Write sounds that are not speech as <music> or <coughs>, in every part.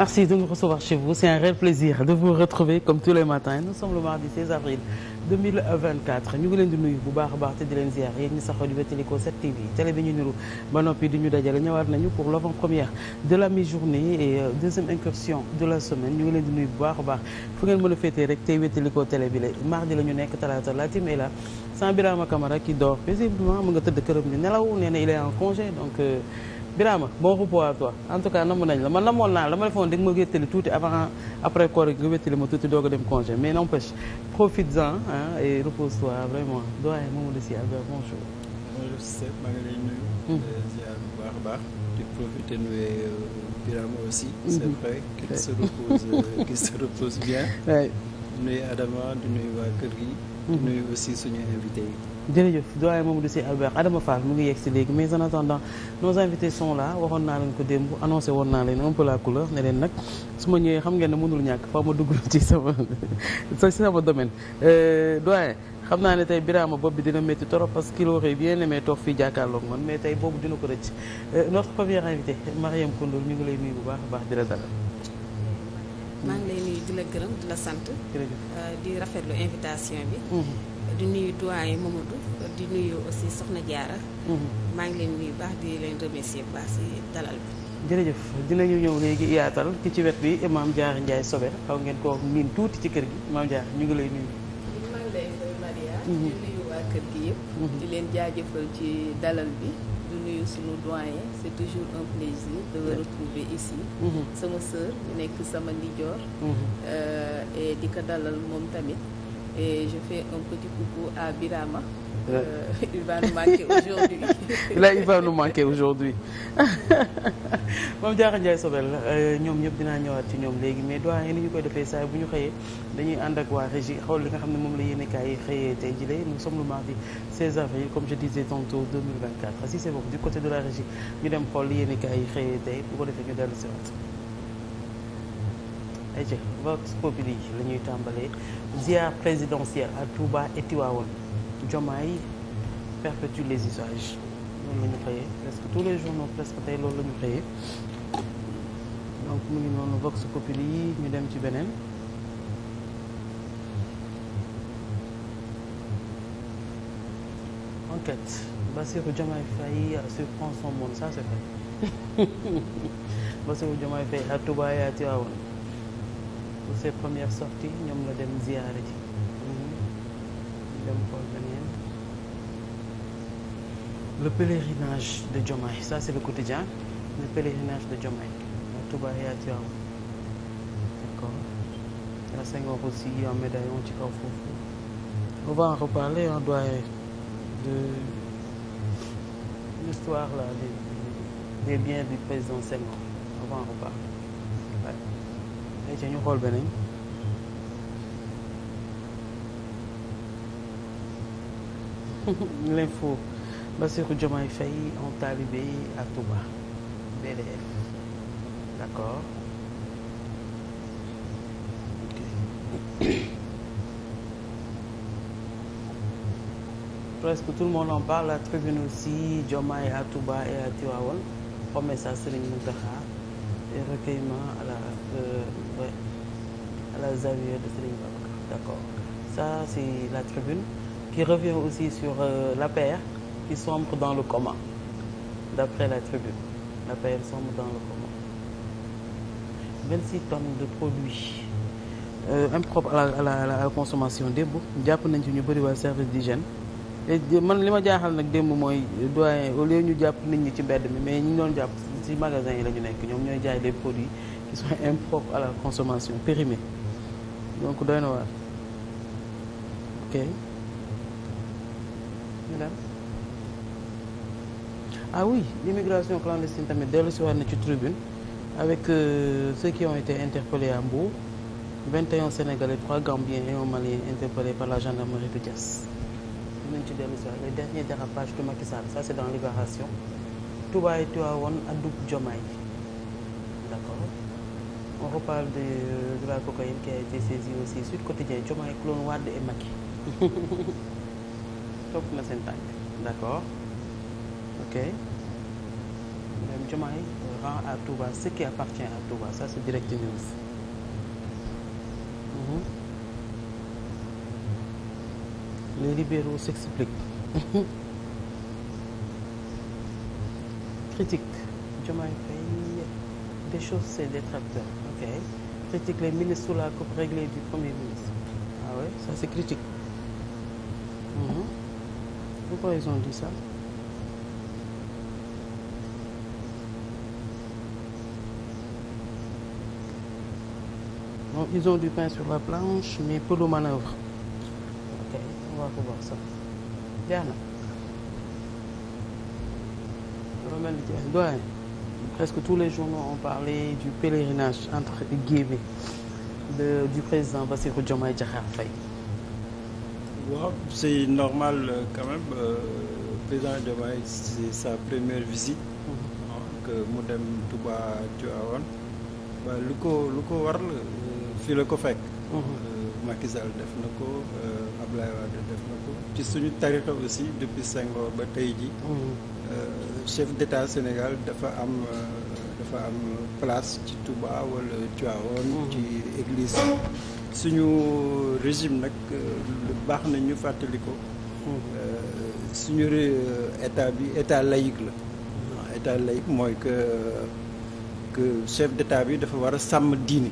Merci de nous recevoir chez vous. C'est un réel plaisir de vous retrouver comme tous les matins. Nous sommes le mardi avril 2024 ñu ngi leen bu baax baax te di leen ziar yéen ñi saxoo di wétalikoo 7TV télé bi ñu niru ba noppi ñu dajale ñëwaat nañu pour l'avant-première de la mi-journée et euh, deuxième incursion de la semaine ñu ngi leen di bu baax baax fu ngeen mën a féetee rek tey wétalikoo télé bi mardi la ñu nekk talaata la team est Birama Birama bon repos à toi en tout cas namoon nañ la man namoon naa la dama defoon da nga ma wéttali tuuti avant après koor gi nga wéttali ma tuuti doog a dem congé mais n'empêche profites-en ah et repose-toi vraiment doyen Mamadou Sy Albert bonjour. maa ngi lay hmm. a baax. di profiter nuyu euh, Birama aussi. Hmm. c'est vrai qu'il se repose euh, <laughs> qu'il se repose bien. waay di Adama di nuyu waa kër gi. di hmm. nuyu aussi suñu invité yi. jërëjëf doyen Mamadou Sy Albert Adama Fall mu ngi yeg si léegi mais en attendant nos invités sont là waxoon naa leen ko démb annoncé woon naa leen un peu la couleur ne leen nag xam ngeen ne mënul ñàkk faa ma dugg ci sama <laughs> ci sama domaine euh, doyen xam naa ne tey Birama bopp bi dina métti trop parce qu'il aurait bien aimé toog fii jàkkaarloog man mais tey boobu dina ko rëcc euh, notre première invitée Mariam Koundoul ñu ngi lay nuyu bu baax a baax di la dalal maa ngi lay nuyu di la gërëm di la sant di nuyu doyen Mamadou di nuyu aussi Soxna Diarra. Mhm. maa ngi leen nuyu baax di leen remercier bu baax si dalal jërëjëf dinañu ñëw léegi yaatal ci wet bi maam Diarra Ndiaye Sobe xaw ngeen koo miin tuuti ci kër gi maam ñu ngi lay nuyu. Mhm. gi yëpp. Mhm. di leen jaajëfal ci dalal bi. di nuyu sunu doyen c'est toujours un plaisir de vous retrouver sama sœur nekk sama ndijoor. e euh, di ko dalal moom tamit. et je fais un petit coucou à Birama. Euh. euh, il va nous manquer aujourd'hui. Là, il va nous manquer aujourd'hui. <laughs> moom Diarra Ndiaye Sobel euh, ñoom ñëpp dinaa ñëwaat ci ñoom léegi mais doyen ni ñu koy defee saa bu ñu xëyee dañuy ànd ak waa régie xool li nga xam ne moom la yéen kaay yi xëyee tey jii léegi nous sommes le mardi 16 avril comme je disais tantôt 2024 si c'est bon du côté de la régie ñu dem xool li yéen kaay yi xëyee tey bu ko defee ñu dellu si waat. ec Vox Populi la ñuy tàmbalee ziar présidentielle à Touba et Tivaouane Diomaye perpétue les usages loolu la ñu xëyee presque tous les journaux presque tey loolu la ñu xëyee donc mu ngi noonu Vox Populi yi ñu dem ci beneen enquête Bassirou Diomaye Faye surprend son monde ça c'est vrai <laughs> Bassirou Diomaye Faye à Touba et à Tivaouane pour ses premières sorties ñoom la dem ziyaare ji mhm. dem xool beneen le pèlerinage de Diomaye ça c'est le quotidien le pèlerinage de Diomaye à Touba et à Tivaouane d'accord la Senghor aussi en médaillon ci kaw foofu on va en reparler on doit de l'histoire là des biens du président Senghor on va en reparler ayca ñu xool beneen <laughs> l'info Bassirou Diomaye Faye en talibé à Touba BDF d'accord <coughs> presque tout le monde en parle la tribune aussi Diomaye à Touba et à Tivaouane promesse à Serigne Mountakha et recueillement à la euh, oui la zawiya de Serigne Babacar d'accord ça c'est la tribune qui revient aussi sur euh, l'APR qui sombre dans le coma d'après la tribune l'APR sombre dans le coma 26 tonnes de produits euh, impropres à la, à la, à démb jàpp nañ ci ñu bëri waa service d'hygiène et man li ma jaaxal nag démb mooy doyen au ñu jàpp nit ñi ci mbedd mi mais ñi doon jàpp ci magasin yi la ñu nekk ñoom ñooy jaay des produits qui sont impropres à la consommation périmés donc doy na waar ok madame ah oui l'immigration clandestine tamit dellu si waat na ci tribune avec euh, ceux qui ont été interpellés à Mbour 21 Sénégalais 3 Gambiens et un Malien interpellés par la gendarmerie de Thiès dinañ ci dellu si waat les derniers dérapages de Macky Sall ça c'est dans Libération Touba et on reparle de, de la cocaïne qui a été saisie aussi Sud Quotidien Diomaye clone Wade et Macky <laughs> topp na seen d'accord ok même Diomaye rend à Touba ce qui appartient à Touba ça c'est Direct News mm -hmm. les libéraux s'expliquent <laughs> critique Diomaye Faye déchausse ses critique les ministres sous la coupe réglée du premier ministre ah ouais ça c'est critique mm -hmm. pourquoi ils ont dit bon ils ont du pain sur la planche mais peu de manœuvre ok on va ko voir ça jeex na. loolu mel ni jeex presque tous les journaux ont parlé du pèlerinage entre guillemets de du président Bassirou Diomaye Diakhar Faye. waaw c'est normal euh, euh, président Diomaye c'est sa première visite. Mm-hmm. que mu dem Touba Tivaouane. waaw lu ko lu ko waral euh, fii la ko fekk. Mm-hmm. Macky def na ko Abdoulaye Wade def na ko ci suñu tarixa aussi depuis Senghor ba tey ji mm-hmm. chef d'état Sénégal dafa am euh, dafa am place ci Touba wala Tivaouane mm-hmm. ci église suñu régime nag lu euh, baax na ñu fàttali ko mm-hmm. euh, suñu état bi état laïque la mm-hmm. état laïque mooy que chef d'état bi dafa war a sàmm diine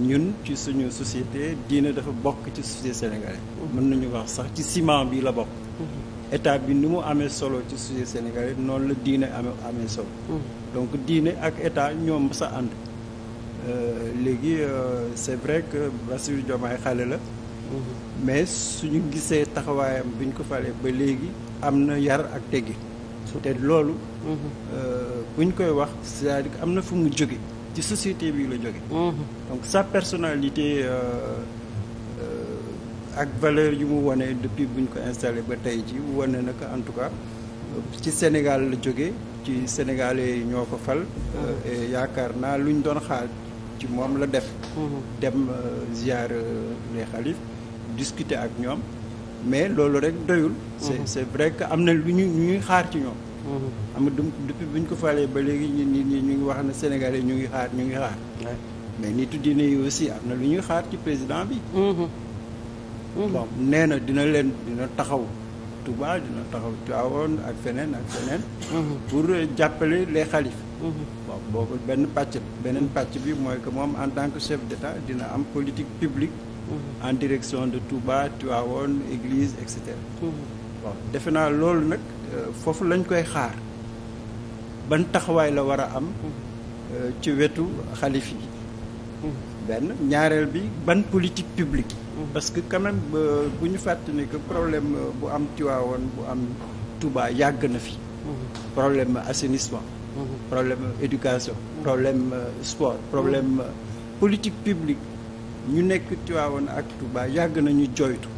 ñun ci suñu société diine dafa bokk ci société sénégalaise mën nañu wax sax ci ciment bi la bokk état bi ni mu amee solo ci sujet sénégalais noonu la diine amee amee solo. Mm. donc diine ak état ñoom sa ànd. Euh, léegi euh, c'est vrai que Bassirou Diomaye xale la. Mm-hmm. mais suñu gisee taxawaayam buñ ko falee ba léegi am na yar ak teggi te loolu. Mm-hmm. Euh, buñ koy wax cest à am na fu mu jóge ci société bi la jóge. Mm-hmm. donc sa personnalité. Euh, ak valeur yi mu wane depuis bu ñu ko installé ba tey ji wane nag ko en tout cas ci Sénégal la jóge ci Sénégalais yi ñoo ko fal. Mm-hmm. et yaakaar naa luñ doon xaar ci moom la def. Mm-hmm. dem euh, ziar euh, les xalif discuter ak ñoom mais loolu rek doyul. c'est mm-hmm. c'est vrai que am na lu ñu lu ñuy xaar ci ñoom. am na depuis bu ñu ko falee ba léegi ñun nit ñi ñu ngi wax ne Sénégalais ñu ngi xaar ñu ngi xaar. mais nitu diine yi aussi am na lu ñuy xaar ci président bi. Mm-hmm. bon nee na dina leen dina taxaw Touba dina taxaw Tivaouane ak feneen ak feneen mm-hmm. pour jàppale les xalif mm-hmm. bon boobu benn pàcc beneen pàcc bi mooy que moom en tant que chef d'état dina am politique publique en direction de Touba Tivaouane église et cetera bon defe naa loolu nag euh, foofu lañ koy xaar ban taxawaay la war a am euh, ci wetu xalif yi benn ñaareel bi ban politique publique mhm. parce que quand bu ñu fàttali que problème euh, bu am Tiwaawoon bu am Touba yàgg na fi mhm. problème assainissement mhm. problème euh, éducation problème euh, sport problème politique publique ñu nekk Tiwaawoon ak Touba yàgg nañu joytu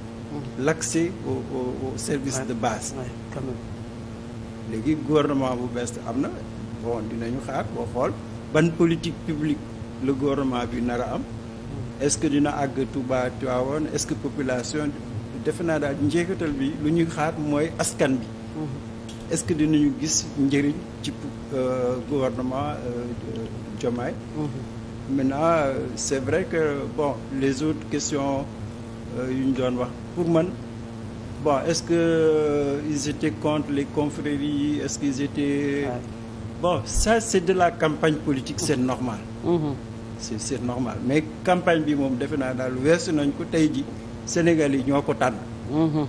l'accès au service de base léegi gouvernement bu bees am na woon dina ñu xaar boo xool ban politique publique le gouvernement bi nar a am est-ce que dina àgg Touba Tivaouane est-ce que population defe naa daal njeexital bi lu ñuy xaat mooy askan bi mm-hmm. est-ce que dinañu gis njëriñ ci euh, gouvernement euh, Diomaye mm-hmm. maintenant euh, c'est vrai que bon les autres questions yu ñu doon wax pour man bon est-ce que ils étaient contre les confréries est-ce qu'ils étaient bon ça c'est de la campagne politique c'est mm-hmm. normal Mm-hmm. c'est c'est normal mais campagne bi moom defe naa daal weesu nañ ko tey ji Sénégal yi ñoo ko tànn. Mm-hmm.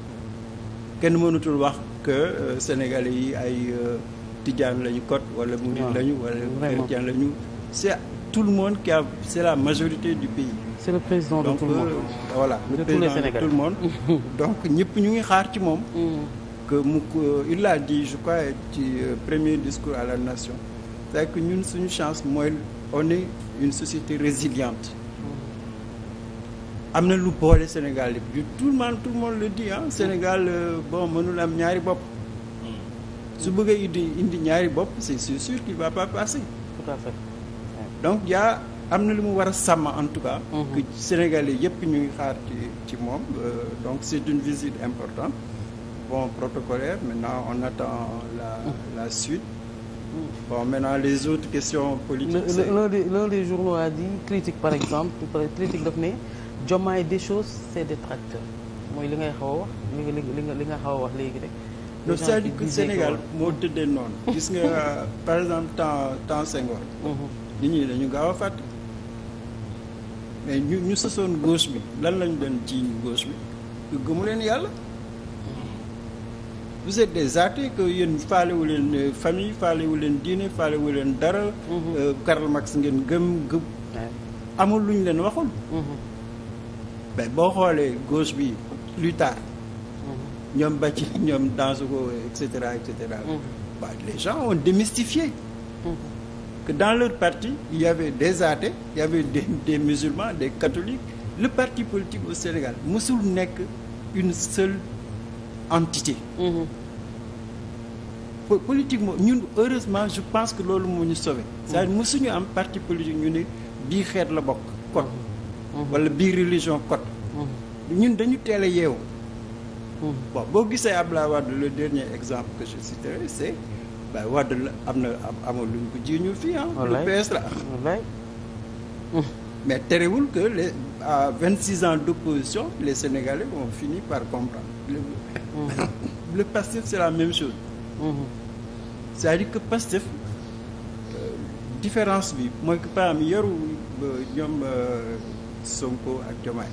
kenn mënatul wax que euh, Sénégal yi ay euh, tijaan lañu kot wala murid lañu wala chrétien lañu c'est tout le monde ki a c'est la majorité du pays. c'est le président de tout le monde euh, voilà le président de tout le monde <laughs> donc ñëpp ñu ngi xaar ci moom. Mm-hmm. que mu il a di je crois ci premier discours à la nation c'est que ñun suñu chance mooy. on est une société résiliente am na lu boole Sénégal yëpp tout le monde tout le monde le dit Sénégal euh, bon mënul am ñaari bopp mm. su bëggee indi indi ñaari bopp c'est sûr qu'il va pas passer tout donc yaa am na lu mu war a sàmm en tout cas mm-hmm. que Sénégalais yëpp ñu ngi xaar ci ci moom euh, donc c'est une visite importante bon protocolaire maintenant on attend la mm. la suite Bon, maintenant, les autres questions politiques. L'un des, des, journaux a dit, critique par exemple, critique d'Opné, Diomaye des choses, c'est des tracteurs. mooy li ngay xaw a wax li nga xaw a wax léegi rek. le Sénégal moo tëddee noonu. gis nga <laughs> par exemple temps temps Senghor. Mhm. nit ñi dañu gaaw a fàtte. mais ñu ñu sësoon gauche bi lan lañu doon ci gauche bi gëmu leen yàlla. vous êtes des athées que yéen faalewu leen euh, famille faalewu leen diine faalewu leen dara. Mm-hmm. Euh, Karl Marx ngeen gëm gëm. amul lu ñu leen waxul. mais mm-hmm. boo xoolee gauche bi plus tard. Mm-hmm. ñoom Bacci ñoom Dansogo et cetera et cetera. waaw les gens ont démystifié. que dans leur parti il y avait des athées il y avait des des musulmans des catholiques le parti politique au Sénégal musul nekk une seule. entité. Mm-hmm. po politiquement ñun heureusement je pense que loolu moo ñu sauvé. Mm-hmm. cest à mosuñu am parti politique ñu ne bii xeet la bokk code. Mm-hmm. wala bii religion code. ñun dañu teel a yeewu. bon boo gisee Abdoulaye wadd le dernier exemple que je citerai c' est Baye la am na amul luñ ko jiiñu fii ah. la am. mais terewul que les à vingt six ans d' opposition les Sénégalais ont fini par comprendre. le Pastef c'est la même chose c'est-à-dire que euh, différence bi mooy que paam yaru euh, ñoom euh, Sonko ak Diomaye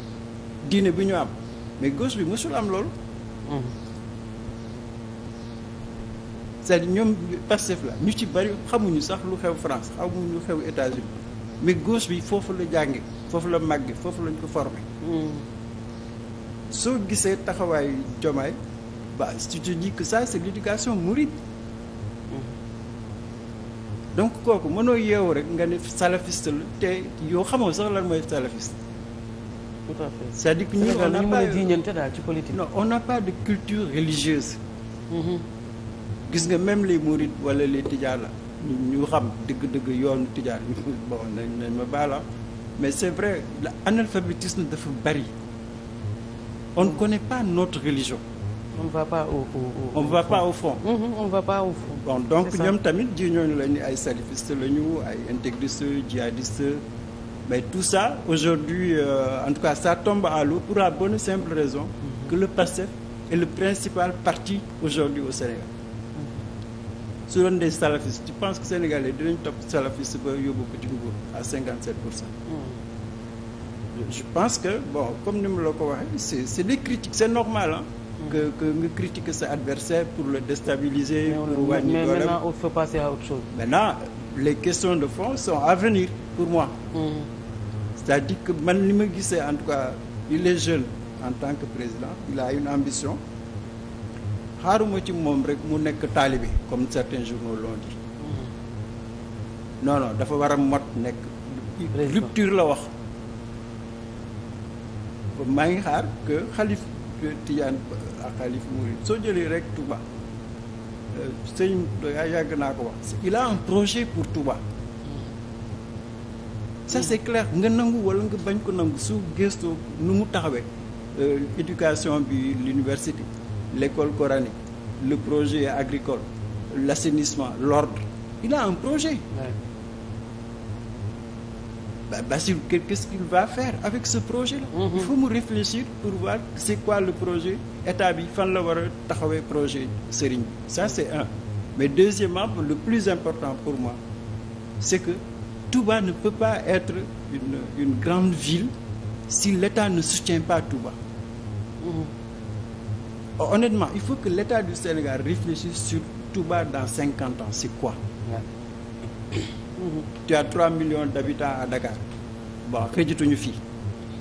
diine bi ñu am mais gauche bi mësul am loolu cest à ñoom Pastef la ñu ci bari xamuñu sax lu xew France xamuñu xew États-Unis mais goos bi foofu la jànge foofu la màgge foofu lañ ko formé mm. soo gisee taxawaayu Diomaye bah, si tu te dis que ça c'est l'éducation mouride donc kooku mënoo yeewu rek nga ne salafiste te yoo xamoo sax lan mooy salafiste. tout à fait cest ci politique. on n'a pas de culture religieuse. Mhm. gis nga même les mourides wala les tijaana ñu xam dëgg-dëgg yoonu tijaan <laughs> bon nañ nañ ma baala ah. mais c'est vrai l'analphabétisme dafa bari on ne connaît pas notre religion. Mm-hmm, on ne va pas au fond. donc ñoom tamit ji ñooñu la ñu ay salafiste la ñu ay intégriste djihadiste mais tout ça aujourd'hui euh, en tout cas ça tombe à l'eau pour la bonne simple raison. Mm-hmm. que le PASTEF est le principal parti aujourd'hui au Sénégal. Mm-hmm. su doon des salafistes tu penses que Sénégalais dinañ topp salafiste ba yóbbu ko ci à pour cent. je pense que bon comme ni ma la ko waxee c'est des critiques c'est normal que que nga critiquer sa adversaire pour le déstabiliser. pour wàññi mais maintenant on les questions de fond son à venir pour moi. Mm c'est-à-dire que man li ma gisee en tout cas il les jeune en tant que président il a une ambition xaaruma ci moom rek mu nekk taalibe comme certains journaux l'ont dit. Mm. non dafa war a mot nekk. rupture la wax. maa ngi xaar que xalif tijaan ak xalif murid soo jëlee rek Touba sëñ yaa yàgg naa ko wax il a un projet pour Touba ça c'est clair nga nangu wala nga bañ ko nangu su gëstoo nu mu taxawee euh, éducation bi l'université l'école coranique le projet agricole l'assainissement l'ordre il a un projet bah, Bassirou, qu'est-ce qu'il va faire avec ce projet-là mm -hmm. Il faut mu réfléchir pour voir c'est quoi le projet état bi fan la war a taxawee projet Serigne bi ça c'est un mais deuxièmement le plus important pour moi c'est que Touba ne peut pas être une grande ville si l'État ne soutient pas Touba mmh. honnêtement il faut que l'État du Sénégal réfléchisse sur Touba dans cinquante ans c'est quoi tu as 3 millions d' habitants à Dakar bon xëjatuñu fii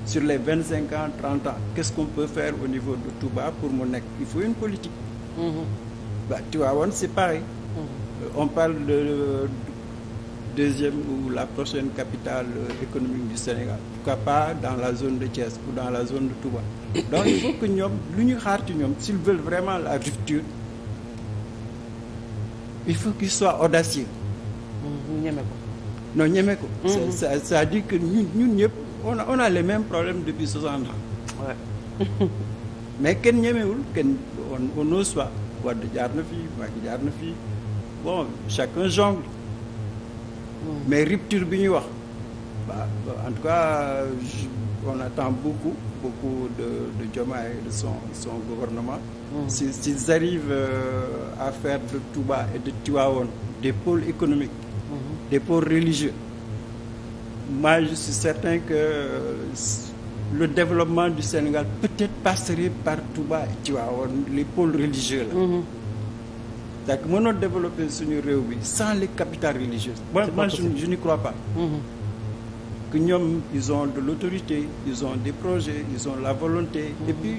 sur les 25 ans 30 ans qu'est-ce qu'on peut faire au niveau de Touba pour mu nekk il faut une politique. Mm-hmm. ba Tivaouane c' est pareil. Mm-hmm. on parle de deuxième ou la prochaine capitale euh, économique du Sénégal pourquoi pas dans la zone de Thiès ou dans la zone de Touba. donc il faut que ñoom lu ñu xaar ci ñoom s'ils veulent vraiment la rupture il faut qu'ils soient audacieux. ñeme ko. non ñeme ko. Mm-hmm. c'est-à-dire que ñun ñun ñëpp on a on a les mêmes depuis 60 ans. <laughs> mais kenn ñemewul kenn on on n'ose pas Wade jaar na fii Macky jaar na fii bon chaque jongle. Mm. mais rupture bi ñuy wax. bah en tout cas je, on attend beaucoup beaucoup de de Diomaye de son gouvernement. Mmh. s'ils s'ils arrivent euh, à faire de Touba et de Tivaouane des pôles économique des pôles religieux. Moi, je suis certain que euh, le développement du Sénégal peut-être passerait par Touba et Tivaouane, les pôles religieux là. Mm -hmm. donc mënoon développer suñu réew bi sans les capitales religieuses. moi moi je, je n'y crois pas. Mm -hmm. que ñoom ils ont de l'autorité ils ont des projets ils ont la volonté. Mm -hmm. et puis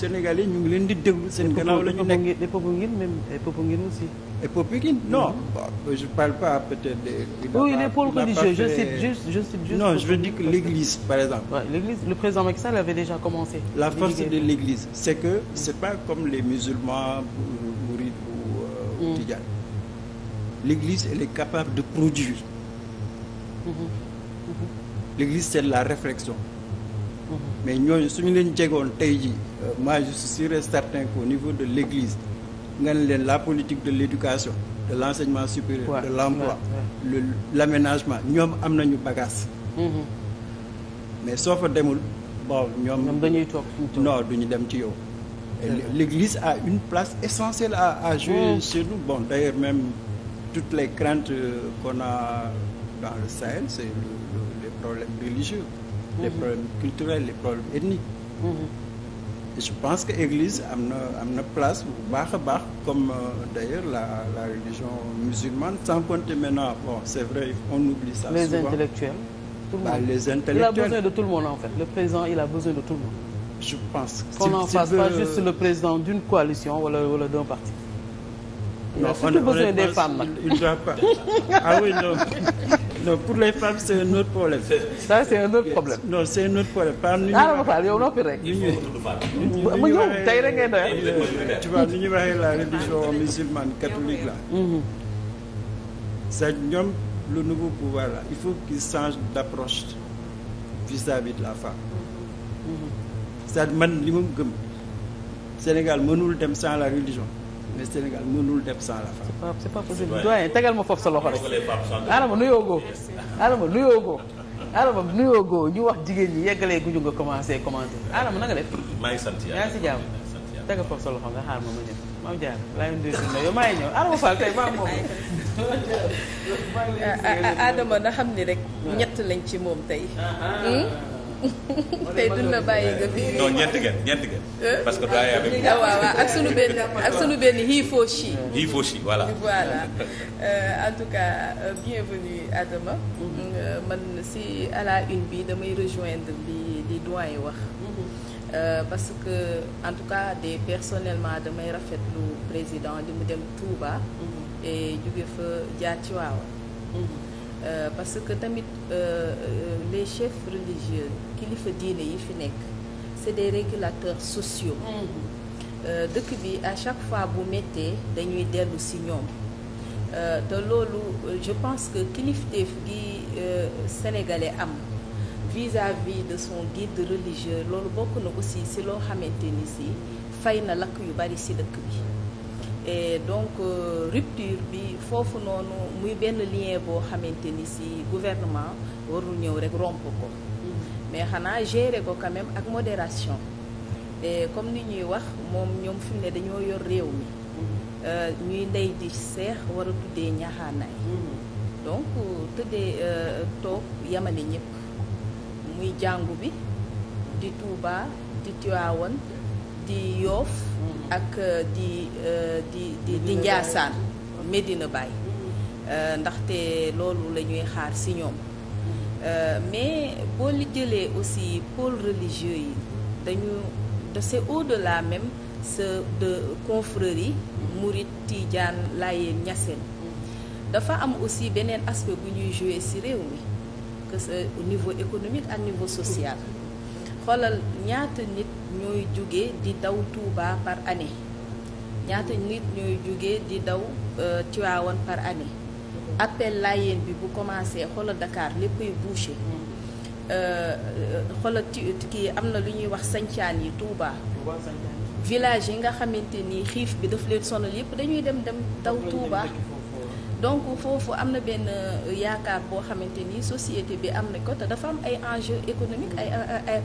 sénégalais ñu ngi leen di déglu. seen gannaaw la ñu nekk des Popenguine même des Popenguine aussi. Et pour Pékin, non. Bon, je ne parle pas peut-être des. Oui, les pôles l'Église, par exemple. Ouais, l'église, le président Macky avait déjà commencé. La force de l'Église, c'est que ce n'est pas comme les musulmans, mourides ou, euh, ou mm. L'Église, est capable de produire. Mm -hmm. mm L'Église, c'est la réflexion. Mm-hmm. Mais nous, si nous avons moi je suis sûr certain qu'au niveau de l'Église, nga ne leen la politique de l'éducation de l'enseignement supérieur ouais, de l'emploi ouais, ouais. l'aménagement ñoom am nañu bagage mm-hmm. mais soo fa demul bon ñoom dañuy toog non duñu dem ci yow l'église a une place essentielle à, à jouer oh. chez nous bon d'ailleurs même toutes les craintes euh, qu'on a dans le Sahel c'est le, le, les problèmes religieux les mm-hmm. problèmes culturels les problèmes ethniques mm-hmm. je pense que église am na am na place bu baax a baax comme euh, d'ailleurs la la religion musulmane sans compter maintenant bon c'est vrai on oublie les intellectuels tout le bah, monde les intellectuels il a besoin de tout le monde en fait le président il a besoin de pense qu'on n'en pas juste le président d'une coalition wala wala d'un parti il a surtout on, besoin des femmes nag il doit pas ah oui non <laughs> non pour les femmes c' est un autre problème. ça c' est un autre problème. non c' est un autre problème par nu ñuy. yow noppi rek. ñu ñu ñu ñu tey rek ngeen doyal. tu vois ni la religion musulmane catholique là. c' mhm. est ñoom le nouveau pouvoir là il faut qu' il d' approche vis vis de la femme. c' mhm. est man li ma gëm Sénégal mënul dem san la religion. mais Sénégal mënul dem sans la femme. c'est pas sa loxo rek. Adama nuyoo goo. Adama nuyoo goo. Adama nuyoo ñu wax jigéen ñi yeggalee guñu nga commencé commenté Adama na nga def. maa ngi sant yàlla yaa ngi si jàmm. tegal foofu sa loxo nga ma ma jëm. maam Diar laay nuyu si yow <laughs> na xam ni rek. ñett lañ ci moom tey. Ah, ah. Hmm? tey dund na bàyyi nga fi. non ñeenti ngeen ñeenti ngeen. parce que doyen avec. Ah, waaw waaw ak suñu benn ak sunu benn he for she. he for she voilà. Euh, en tout cas euh, bienvenue Adama. Euh, man si à la une bi damay rejoindre bi di doyen wax. Euh, parce que en tout cas de personnellement damay rafetlu président di mu dem Touba. Mm-hmm. et jóge fa jaar ci waaw Euh, parce que tamit euh, euh, les chefs religieux kilifa diine yi fi nekk c'est des régulateurs sociaux mm. dëkk bi à chaque fois bu méttee dañuy dellu si ñoom te loolu je pense que kilifteef gi sénégalais am vis-à-vis de son guide religieux loolu bokk na aussi si loo xamante ni si fay na lakk yu bari si dëkk bi et donc euh, rupture bi foofu noonu muy benn lien boo xamante ni si gouvernement warul ñëw rek romp ko mais xanaa gérer ko quand ak modération et comme ni ñuy wax moom ñoom fi ne dañoo yor réew mi euh, ñuy ndey di seex war a tuddee ñaxaanaay donc euh, tëddee toog yamale ñëpp muy jàngu bi di Touba di Tiwaawan di Yoff ak euh, euh, di di di di Njaasaan Medina Baye euh, ndaxte loolu la ñuy xaar si ñoom mais boo li jëlee aussi pôle religieux yi dañu de c'est au la même ce de confrérie Mouride Tidiane Layeen Ñaseen dafa am aussi beneen aspect bu ñuy jouer si réew mi que c'est au niveau économique ak niveau social xoolal ñaata nit ñooy jóge di daw Touba par année ñaata nit ñooy jóge di daw euh, Tiwaawan par année appel laayeen bi bu commencé xoolal Dakar léppay bouché mm. euh, xoolal kii am na lu ñuy wax sancaan yi Touba village yi nga xamante ni xiif bi daf leen sonal yëpp dañuy dem dem daw Touba donc foofu am na benn euh, yaakaar boo xamante ni société bi am na ko te dafa am ay enjeux économiques ay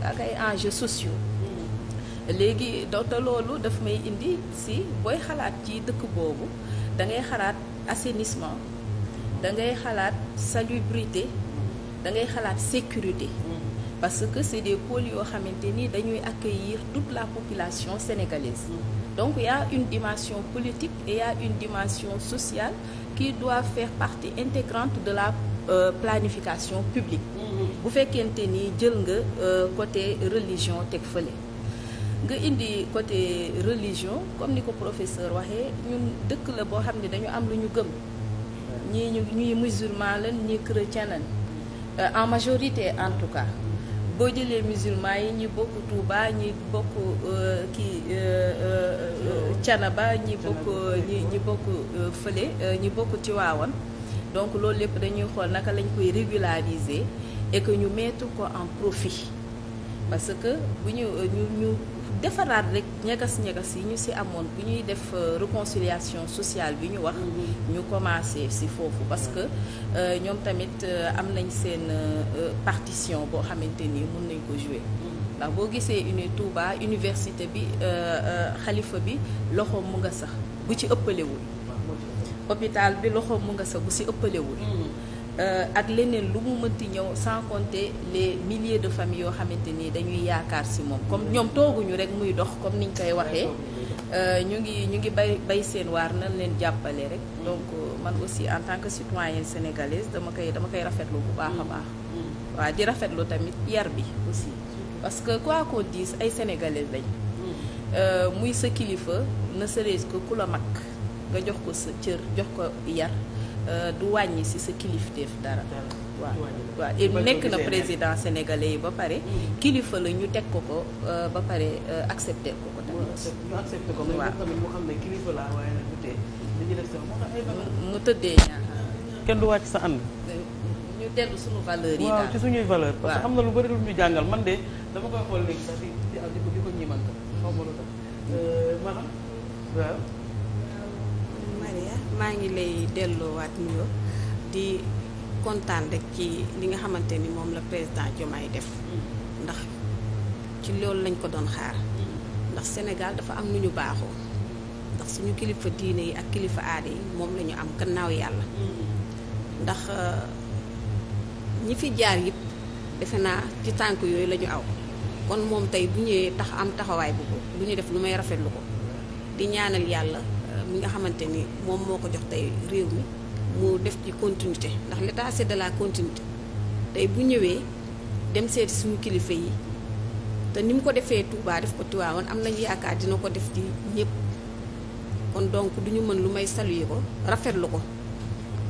ak ay enjeux sociaux hmm. léegi te loolu daf may indi si booy xalaat ci dëkk boobu da ngay xalaat assainissement da ngay xalaat salubrité da ngay xalaat sécurité hmm. parce que c'est des pôles yoo xamante ni dañuy accueillir toute la population sénégalaise hmm. donc il une dimension politique et une dimension sociale qui doit faire partie intégrante de la euh, planification publique mm-hmm. bu fekkente ni jël nga euh, côté religion teg fële nga indi côté religion comme ni ko professeur waxee ñun dëkk la boo xam ne dañu am lu ñu gëm ñi ñu ñuy musulman lan ñii chrétien lan euh, en majorité en tout cas boo jëlee musulman yi ñi bokk Touba ñi bokk euh, kii Canaba euh, euh, ñi bokk ñi ñi bokk fële ñi bokk Tiwaawan donc loolu lépp dañuy xool naka lañ koy régulariser et que ñu mettre ko en profit parce que ñu ñu defaraat rek ñagas-ñagas yi ñu ci amoon bu ñuy def euh, réconciliation sociale bi ñu wax mm-hmm. ñu commencé ci foofu parce que euh, ñoom tamit euh, am nañ seen partition boo xamante ni mën nañ ko jouer mm-hmm. ndax boo gisee une Touba université bi xalifa bi loxo mu nga sax bu ci ëppalewul hôpital bi loxo mu nga sax bu ci ëppalewul mm-hmm. Euh, ak leneen lu mu mënti ñëw sans compter les milliers de famille yoo xamante ni dañuy yaakaar si moom comme ñoom tooguñu rek muy dox comme ni niñ koy waxee euh, ñu ngi ñu ngi bay bay seen waar na leen jàppale rek donc euh, man aussi en tant que citoyenne sénégalaise dama koy dama koy rafetlu bu baax a mm. baax mm. waa di rafetlu tamit yar bi aussi parce que quoi diis ay sénégalais lañ mm. muy sa kilifa na serait-ce que ku la mag nga jox ko sa cër jox ko yar Euh, du wàññi ci sa kilifteef dara waaw waaw et nekk na président sénégalais yi ba pare mm. kilifa la ñu teg ko ko euh, ba pare euh, accepté ko ko tamit ñu accepté ko mais tamit mu xam ne kilifa la waaye tëddee ñaar kenn du wàcc sa ànd ñu dellu suñu valeur yi waaw ci suñuy valeur parce que xam na lu bari lu ñu jàngal man de dama koy xool léegi sax di di ko di ko ñimanka xaw ma lu tax maanaam waaw maa ngi lay delloowaat nuyoo di kontaan rekk ci li nga xamante ni moom la président Diomaye def ndax ci loolu lañ ko doon xaar ndax Sénégal dafa am nu ñu baaxoo ndax suñu kilifa diine yi ak kilifa aada yi moom lañu am gannaaw yàlla ndax ñi fi jaar yit defe naa ci tànk yooyu lañu aw kon moom tey bu ñëwee tax am taxawaay bu lu ñu def lu may rafetlu ko di ñaanal yàlla mi nga xamante ni moom moo ko jox tey réew mi mu def ci continuité ndax l'état c'est de la continuité tey bu ñëwee dem seeti suñu kilifa yi te ni mu ko defee Touba def ko Tiwaawan am nañu yaakaar dina ko def ci ñëpp kon donc duñu mën lu may saluer ko rafetlu ko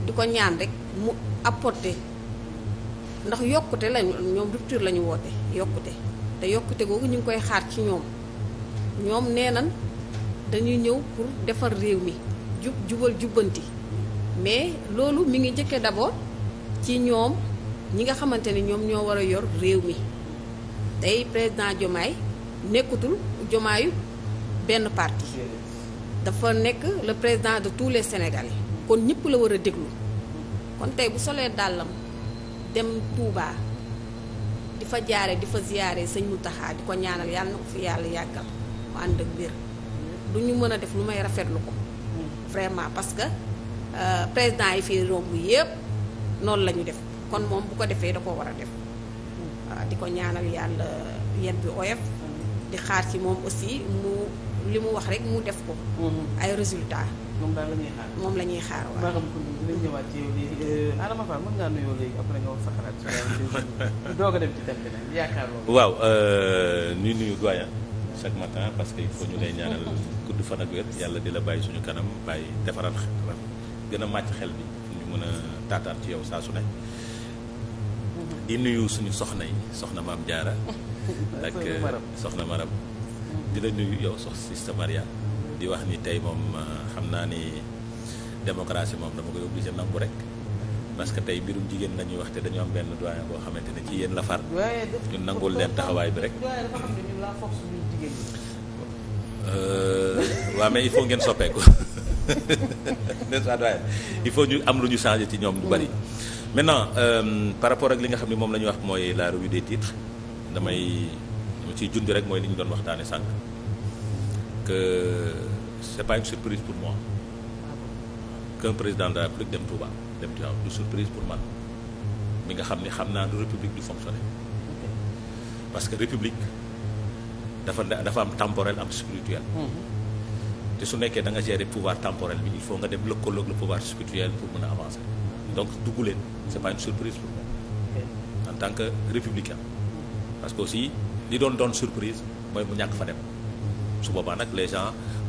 di ko ñaan rek mu apporter ndax yokkute lañu ñoom rupture la ñu woote yokkute te yokkute googu ñu ngi koy xaar ci ñoom ñoom nee nan dañuy ñëw pour defar réew mi jub jubal jubbanti mais loolu mi ngi njëkkee d'abord ci ñoom ñi nga xamante ne ñoom ñoo war a yor réew mi tey président jomaay nekkatul Diomaayu benn parti dafa nekk le président de tous les Sénégalais kon ñëpp la war a déglu kon tey bu solee dàllam dem Touba di fa jaare di fa ziyaare sëñ taxaa di ko ñaanal yàlla na ko fi yàlla yàggal mu ak wér du ñu mën a def lu may rafetlu ko vraiment parce que euh, président yi fii romb yëpp noonu la def kon moom bu ko defee da ko war a def waaw di ko ñaanal yàlla yen bi di xaar ci moom aussi mu mu wax rek mu def ko mm-hmm. ay résultats moom daal la ñuy moom la ñuy xaar waaw. ñëwaat ci yow léegi euh, Adama mën ngaa nuyoo léegi après a <laughs> dem ci thème yaakaar loolu. waaw ñu euh, nuyu doyen. chaque matin parce que il faut ñu lay ñaanal gudd fan yàlla di la bàyyi suñu kanam bàyyi defaraat xel gën a màcc xel bi ñu mën a taataan ci yow saa su ne mhm. di nuyu suñu soxna yi soxna maam jaara <laughs> ak soxna maram euh, di la nuyu yow sox sista Maria di wax ni tey moom euh, xam naa ni démocratie moom dama koy obligé nangu rek parce que tey mbirum jigéen nañuy wax te dañu am benn doyen boo xamante ne ci yéen la far. ñun nangul leen taxawaay bi rek. Euh, waaw mais il faut ngeen soppeeku <laughs> n'est-ce pas doyen il faut ñu am lu ñu changé ci ñoom du bari. maintenant euh, par rapport ak li nga xam ne moom la ñuy wax mooy la revue des titres damay ciy jund rek mooy li ñu doon waxtaane sànq que c'est pas une surprise pour moi ah qu'un président de la République dem Touba. dem Tivaouane du surprise pour man mi nga xam ni xam naa du république du fonctionner parce que république dafa dafa am temporel am spirituel. Mm-hmm. te su nekkee da nga gérer pouvoir temporel bi il faut nga dem lëkkaloog le pouvoir spirituel pour mën a avancer donc duggu leen c'est pas une surprise pour moi en tant que républicain parce que aussi li doon doon surprise mooy mu ñàkk fa dem su boobaa nag les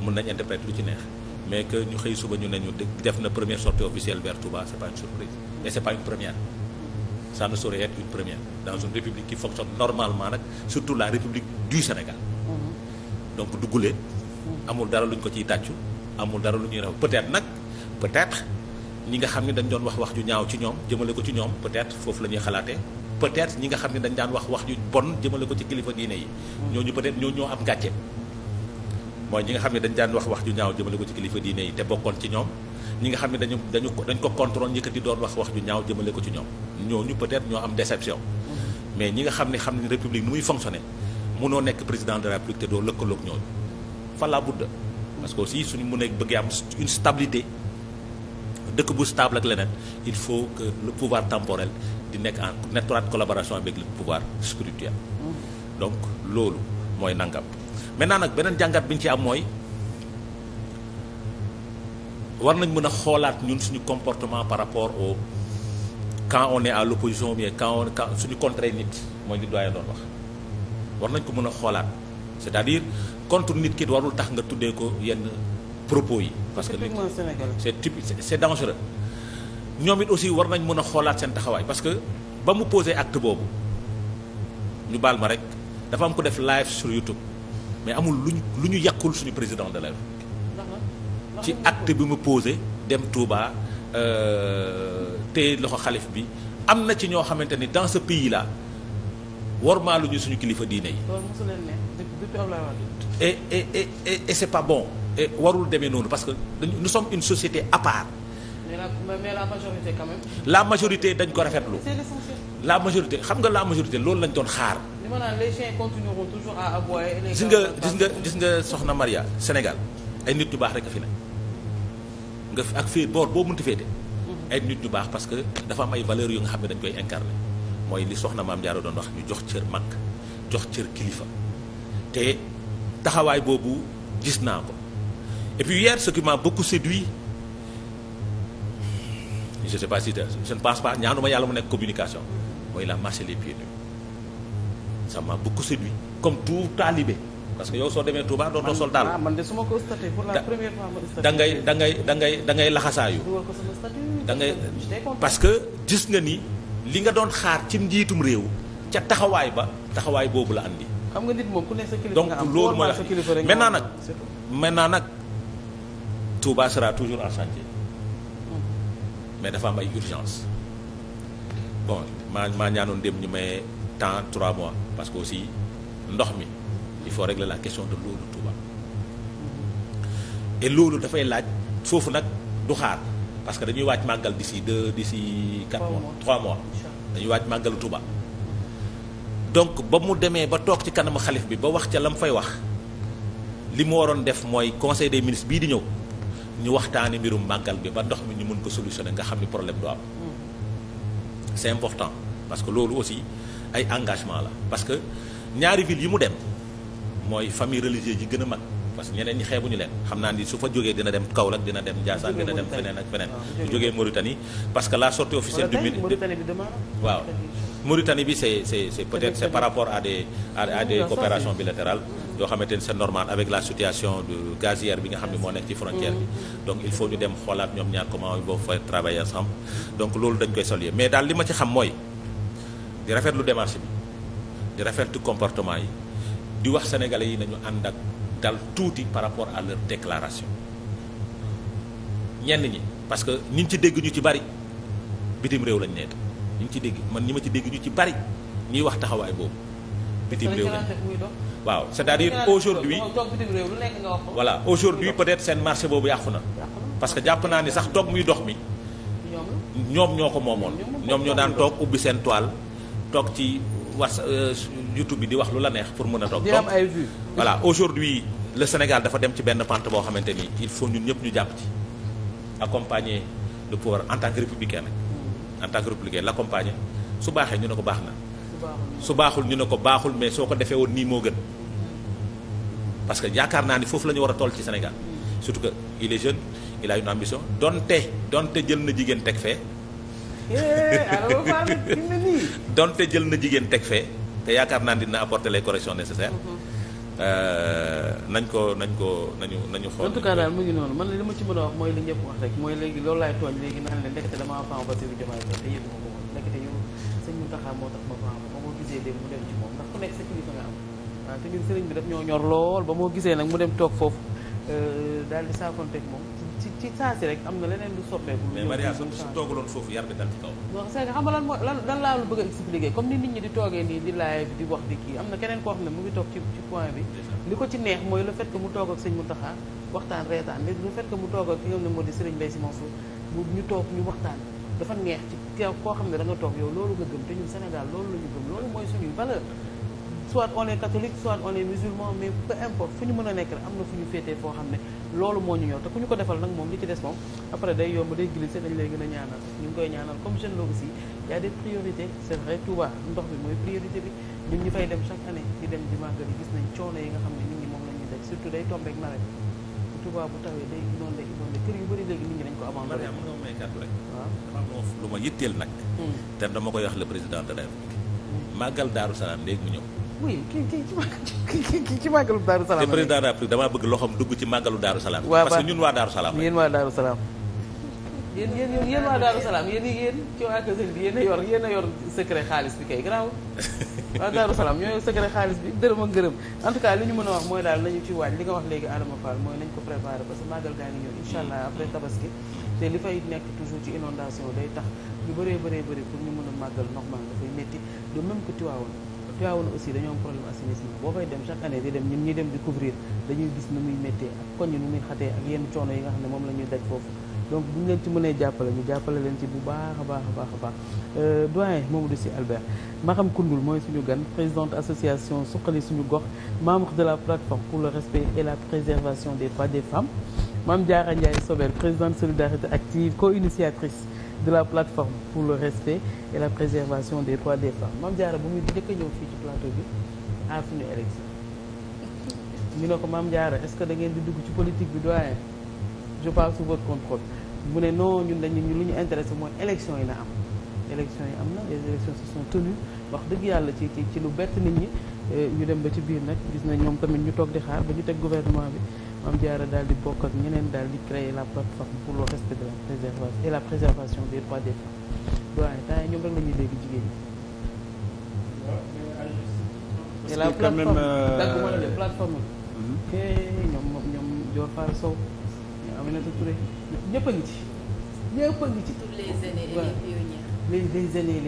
mun mën nañ lu ci neex. mais que ñu xëy suba ñu ne ñu def na première sortie officielle vers Touba c'est pas une surprise et c'est pas une première ça ne saurait être première dans une république qui fonctionne normalement nag surtout la république du Sénégal donc duggule amul dara lu ñu ko ciy tàccu amul dara lu ñuy raw peut-être nag peut-être ñi nga xam ne dañ doon wax wax yu ñaaw ci ñoom jëmale ko ci ñoom peut-être foofu la ñuy xalaatee peut-être ñi nga xam ne dañ daan wax wax ju bon jëmale ko ci kilifa diine yi mm. ñooñu peut-être ñoo ñoo am gàcce mooy ñi nga xam ne dañ daan wax wax ju ñaaw jëmale ko ci kilifa diine yi te bokkoon ci ñoom ñi nga xam ne dañu dañu dañ ko contrôle yëkkati doon wax wax ju ñaaw jëmale ko ci ñoom ñooñu peut-être ñoo am déception mais ñi nga xam ne xam ne république nu muy fonctionner mënoo nekk président de la république te doo lëkkaloog ñooñu fa la parce que aussi suñu mënee bëggee am une stabilité dëkk bu stable ak leneen il faut que lu pouvoir temporel di nekk en étroite collaboration avec le pouvoir spirituel mm. donc loolu mooy nangam maintenant nag beneen jàngat bi ñu ci am mooy war nañ mën a xoolaat ñun suñu comportement par rapport au quand on est à l'opposition bien quand on quand suñu contre nit mooy du doyen doon wax war nañ ko mën a xoolaat c'est-à-dire contre nit ki warul tax nga tuddee ko yenn propos yi. parce que nit c'est typique c'est dangereux. ñoom it aussi war nañ mën a xoolaat seen taxawaay parce que ba mu posé acte boobu ñu baal ma rek dafa am ko def live sur YouTube mais amul lu ñu lu ñu yàqul suñu président de la République ci acte bi mu posé dem Touba euh, te loxo xalif bi am na ci ñoo xamante ni dans ce pays là wormaalu ñu suñu kilifa diine yi. et et et c'est pas bon. warul demee noonu parce que nous sommes une société à part. mais la mais la majorité dañ ko rafetlu. la majorité xam nga la majorité loolu lañ doon xaar. li ma naan les chiens continueront gis nga gis nga gis nga soxna Maria Sénégal ay nit ñu baax rek fi ne nga ak fii boor boo mënti féete. Mhm. ay nit ñu baax parce que dafa am ay valeurs yu nga xam ne dañ koy incarné mooy li soxna maam Diarra doon wax ñu jox cër mag jox cër kilifa te taxawaay boobu gis naa ko et puis hier ce qui m'a séduit je sais pas si je ne pense pas ñaanuma yàlla mu nekk communication mooy la marche les pieds ça m'a comme tout talibé parce que yow soo demee Touba dootoo sol daal ah, man de ma ko statut pour da ngay da ngay da ngay da ngay laxasaayu da ngay parce que gis nga ni li nga doon xaar ci njiitum réew ca taxawaay ba taxawaay boobu la andi. xam nga nit moom ku ne sa kilifa am donc loolu mooy maintenant nag maintenant nag Touba sera toujours en chantier hmm. mais dafa am ay urgence bon maa maa ñaanoon dem ñu may temps trois mois parce que aussi ndox mi il faut régler la question de l'eau de Touba loolu dafay laaj foofu nag du xaar parce que dañuy waaj màggal d'ici deux d'ici quatre mois trois mois dañuy waaj màggal Touba donc ba mu demee ba toog ci kanamu xalif bi ba wax ca la mu fay wax li mu waroon def mooy conseil des ministres bii di ñëw ñu waxtaani mbirum màggal bi ba ndox mi ñu mën ko solutionner nga xam ni problème du mm. c'est important parce que loolu ay engagement la parce que ñaari ville yi mu dem mooy famille religieuse yi gën a mag parce que ñeneen ñi ñu leen xam naa ni su fa jógee dina dem Kaolack dina dem Ndiassane dina dem feneen ak feneen ah, su jógee Mauritanie parce que la sortie officielle du waaw Mauritanie bi c'est c'est c'est par rapport à des à des coopérations bilatérales yoo xamante ni c'est normal avec la situation de gazière bi nga xam ne moo nekk ci frontière bi donc il faut ñu dem xoolaat ñoom ñaar comment ils vont faire travailler ensemble donc loolu ma ci xam mooy di rafet lu démarché bi di rafetlu comportement yi di wax sénégalais yi nañu ànd ak dal tuuti par rapport à leur déclaration ñenn ñi parce que ñi ci dégg ci bari bitim réew lañ nekk ñu ci dégg man ñi ma ci dégg ñu ci bari ñuy wax taxawaay boobu bitim réew lañ waaw c'est-à-dire aujourd'hui voilà aujourd'hui peut seen marché boobu yàqu na parce que jàpp naa ni sax toog muy dox mi ñoom ñoo ko moomoon ñoom ñoo daan toog ubbi seen toile toog ci whatsapp euh, YouTube bi di wax lu la neex pour mën a toog di am ay vues voilà aujourd'hui le Sénégal dafa dem ci benn pente boo xamante ni il faut ñun ñëpp ñu jàpp ci accompagner le pouvoir en tant que républicain nag en tant que républicain l'accompagner su baaxee ñu ne ko baax na su baaxul ñu ne ko baaxul mais soo ko defee woon nii moo gën parce que yaakaar naa ni foofu lañu ñu war a toll ci Sénégal surtout que il est jeune il a une ambition donte donte jël na jigéen teg fee Eh, donte jël na jigéen teg fee te yaakaar naa dina apporter les corrections nécessaires. Mm-hmm. Euh, nañ ko nañ ko nañu nañu xool. en tout cas daal mu ngi noonu man li ma ci mën a wax mooy li ñëpp wax rek mooy léegi loolu laay tooñ léegi naan leen ndekete damaa faaw Bassirou Diomaye te yëguma ko woon moo tax ma faaw ba ma moom ndax ku nekk sa kilifa nga am waaw ah, te ñun sëriñ bi daf ñoo ñor lool ba moo gisee nag mu dem toog foofu euh, daal di saakonteeg moom ci saa si rek am na leneen lu soppeeku. mais Maria su su toogaloon foofu yar bi dal ci kaw. non c'est xam nga lan moo lan bëgg a expliquer comme ni nit ñi di toogee nii di live di wax di kii am na keneen koo xam ne mu ngi toog ci ci point bi. li ko ci neex mooy le fait que mu toog ak sëñ Mountakha waxtaan reetaan mais le fait que mu toog ak ki nga xam ne moo di Serigne Mbaye Sy mu ñu toog ñu waxtaan dafa neex koo xam ne da nga toog yow loolu nga gëm te ñun Sénégal loolu la ñu gëm loolu mooy suñuy valeur soit on est catholique soit on na fu ñu féetee foo xam ne loolu moo ñu ñor te ku ñu ko defal nag moom li ci des moom après day yomb day glissé dañ lay gën a ñaanal ñu ngi koy ñaanal comme jeune la aussi y a ndox bi mooy priorité bi fay dem chaque année di dem di màggal gis nañ coono nga xam ne nit moom la ñuy def surtout day tombé ak nawet bi Touba bu tawee day inondé inondé kër yu bëri léegi nit ñi dañ ko abandonné waaw xam nga lu ma yitteel nag hmm. te dama koy wax la président de la République hmm. màggal Daaru Salaam léegi mu ñëw oui kii kii ci kii kii ci lu Daaru Salaam. te président de la bëgg loxoom dugg ci màggalu Daaru Salaam. parce que ñun waa Daaru Salaam yéen waa Daaru Salaam. yéen yéen yéen waa Daaru Salaam yéen yéen ci waa Kër Sëñ bi yéen a yor yéen a yor secret xaalis bi kay garaaw. <laughs> waa Daaru Salaam ñoo yor xaalis bi dërëm ak gërëm en tout li ñu mën a wax mooy daal nañu ci waaj li nga wax léegi Adama Fall mooy nañ ko préparé parce que màggal gaa ngi ñëw incha allah après tabaski te li fay nekk toujours tax ñu bëree bëree bëri pour ñu mën a màggal normal dafay métti de même que Tiwaawoon Tivaouane aussi dañoo am problème assainissement boo fay dem chaque année di dem ñun ñuy dem di couvrir dañuy gis ni muy méttee ak koñ nu muy xatee ak yenn coono yi nga xam ne moom lañuy ñuy daj foofu donc bu ñu leen ci mënee jàppale ñu jàppale leen ci bu baax a baax a baax a baax euh, doyen Mamadou Sy Albert Maham Koundoul mooy suñu gan présidente association suqali suñu gox membre de la plateforme pour le respect et la préservation des droits des femmes Mame Diarra Ndiaye Sobel présidente solidarité active co-initiatrice de la plateforme pour le respect et la préservation des droits des femmes Mame Diarra bu muy njëkk ñëw fii ci plateau bi à suñu élection ñu ne ko Mame Diarra est-ce que da ngeen di dugg ci politique bi doyen je parle sous votre contrôle mu ne non ñun dañu ñu lu ñu intéressé mooy élection yi na am élection yi am na les élections se sont tenues wax dëgg yàlla ci ci ci lu bett nit ñi euh, ñu dem ba ci biir nag gis na ñoom tamit ñu toog di xaar ba ñu teg gouvernement bi Mame a daal di bokk ak ñeneen daal di créer la plateforme pour le respect de la préservation la préservation des droits des femmes doyen temps yii ñoom rek la ñuy dégg jigéen ñi. la plateforme euh, dagguma la de plateforme la. Mhm. Eh, ñoom m ñoom Dior Fall Sow ñoom Aminata Touré ñëpp a ngi ci. ñëpp a ngi ci. tous les aînés et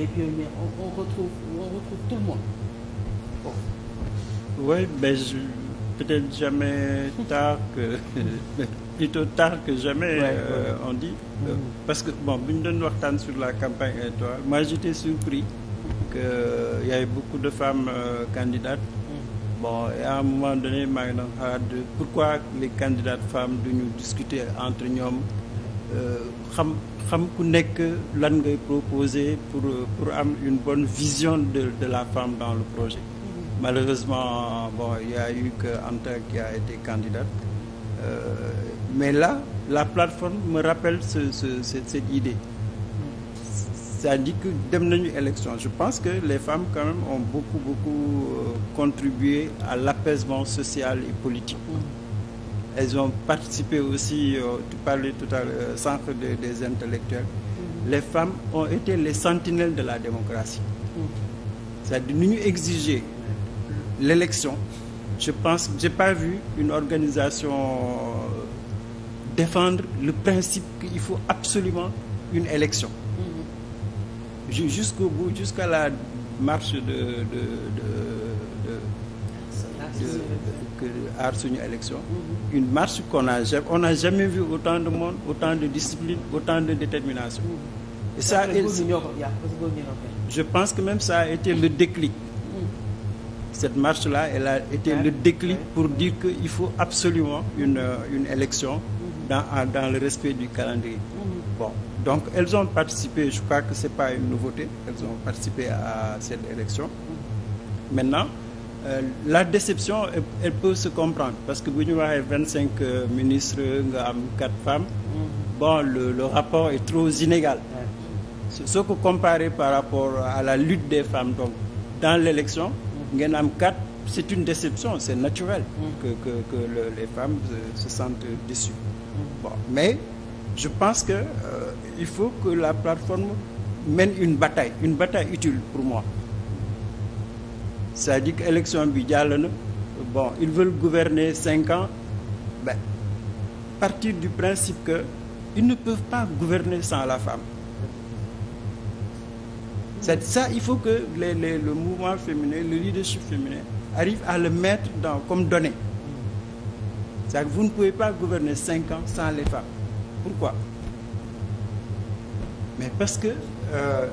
les pionniers. les on on on retrouve tout le monde. peut-être jamais tard que <laughs> plutôt tard que jamais. Ouais, euh, on dit. Mm. parce que bon bu ñu doon waxtaan sur la campagne électorale moi j'étais surpris que euh, y avait beaucoup de femmes euh, candidates. Mm. bon et à un moment donné maa ngi doon xalaat pourquoi les candidates femmes du ñu discuter entre ñoom xam xam ku nekk lan ngay proposer pour pour am une bonne vision de de la femme dans le projet. Malheureusement, bon, il n'y a eu qu'Anta qui a été candidate. Euh, mais là, la plateforme me rappelle ce, ce, cette, cette, idée. Ça dit que demain élection. Je pense que les femmes, quand même, ont beaucoup, beaucoup euh, contribué à l'apaisement social et politique. Mm. Elles ont participé aussi, euh, tu parlais tout à centre de, des intellectuels. Mm. Les femmes ont été les sentinelles de la démocratie. Mm. C'est-à-dire, exiger l'élection, je pense que je n'ai pas vu une organisation euh, défendre le principe qu'il faut absolument une élection. Mm -hmm. Jusqu'au bout, jusqu'à la marche de, de, de, de que Arsenio élection. Mm -hmm. Une marche qu'on n'a on a jamais vu autant de monde, autant de discipline, autant de détermination. Mm -hmm. Et ça, ça elle, je pense que même ça a été le déclic. cette marche-là, elle a été le déclic pour dire qu'il faut absolument une, euh, une élection dans, dans, le respect du donc elles ont participé, je crois que ce n'est pas une nouveauté, elles ont Maintenant, euh, la déception, elle, elle, peut se parce que Bougnoua a 25 euh, ministres, 4 femmes. Bon, le, le, rapport est trop inégal. Ce que comparé par rapport à la lutte des femmes donc, dans ngeen am quatre c'est une déception c'est naturel mm. que que que le, les femmes se sentent déçues mm. mais je pense que euh, il faut que la plateforme mène une bataille une bataille utile pour moi c'est-à-dire que élection bi jàll na bon ils veulent gouverner cinq ans ben partir du principe que ils ne peuvent pas gouverner sans la femme C'est ça, il faut que les, les, le mouvement féminin, le leadership féminin, arrive à le mettre dans, comme donnée. C'est-à-dire que vous ne pouvez pas gouverner 5 ans sans les femmes. Pourquoi Mais parce que euh,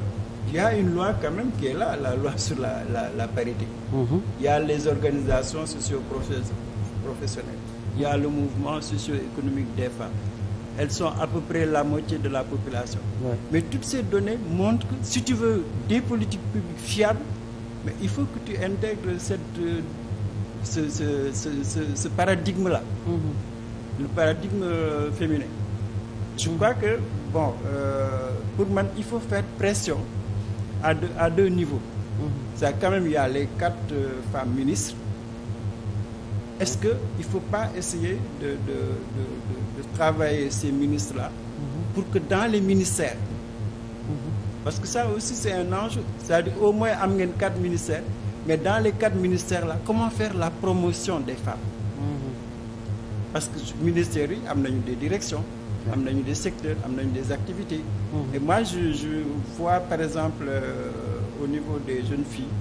il y a une loi quand qui est la loi sur la, la, la parité. Mm -hmm. Il y a les organisations socio-professionnelles. Il y a le mouvement socio-économique des femmes. elles sont à peu près la moitié de la population. Ouais. Mais toutes ces données montrent si tu veux des politiques publiques fiables, mais il faut que tu intègres cette, euh, ce, ce, ce, ce paradigme-là, mmh. le paradigme euh, féminin. Je mm-hmm. crois que, bon, euh, pour man il faut faire pression à deux, à deux niveaux. Mmh. quand même, il y a les quatre euh, femmes ministres. Est-ce mm-hmm. qu'il ne faut pas essayer de de travailler ces ministres-là pour que dans les ministères parce que ça aussi c'est un enjeu c'est-à-dire au moins am ngeen quatre ministères mais dans les quatre ministères là comment faire la promotion des femmes parce que ministères yi am nañu des directions am nañu des secteurs am nañu des activités et moi je je vois par exemple euh, au niveau des jeunes filles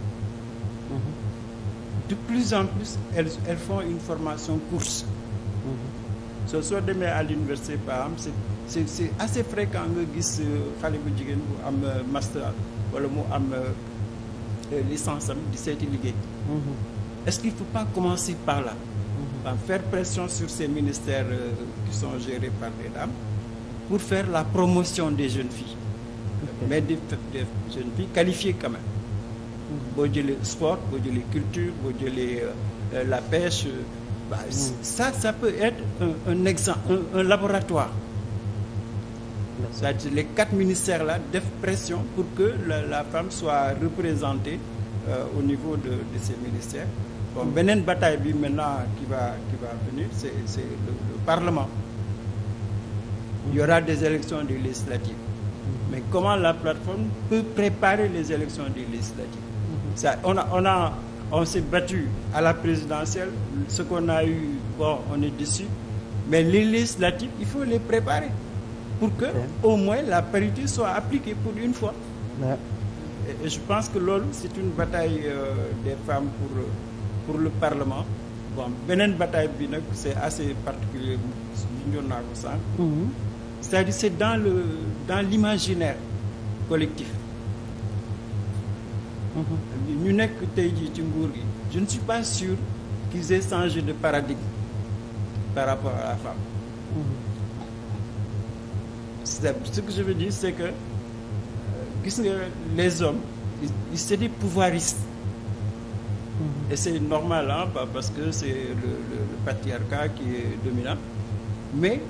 de plus en plus elles elles font une formation course so soo demee à l'université par exemple c'est c'est assez fréquent nga gis euh, xale bu jigéen bu am euh, master wala mu am euh, licence am di seeti liggéey mm-hmm. est-ce qu'il faut pas commencer par là mm-hmm. par faire pression sur ces ministères qui sont gérés par les dames pour faire la promotion des jeunes filles okay. mais des, des jeunes filles qualifiées quand même mm-hmm. boo jëlee sport boo jëlee culture boo jëlee la pêche bah, ça, ça peut être un, un exemple, un, un laboratoire. C'est-à-dire les quatre ministères là def pression pour que la, la femme soit représentée euh, au niveau de, de ces ministères. Bon, beneen bataille bi maintenant qui va qui va venir c'est c'est le, le Parlement. Il y aura des élections des législatives. Mais comment la plateforme peut préparer les élections des législatives? Ça, on a on a On s'est battu à la présidentielle. Ce qu'on a eu, bon, on est déçu. Mais les législatives, il faut les préparer pour que au moins la parité soit appliquée pour une fois. Et je pense que loolu c'est une bataille euh, des femmes pour euh, pour le Parlement. bon beneen bataille bi nag c'est assez particulier ñun naa ko sànq. Mhm. c'est-à-dire dans le dans l'imaginaire collectif. ñu nekk tey jii ci nguur gi je ne suis pas sûr qu'ils aient changé de paradigme par rapport à la femme ce que je veux dire c'est que euh, gis nga les hommes ils c'est des pouvoiristes et c'est normal parce que c'est le, le, le patriarcat qui est dominant mais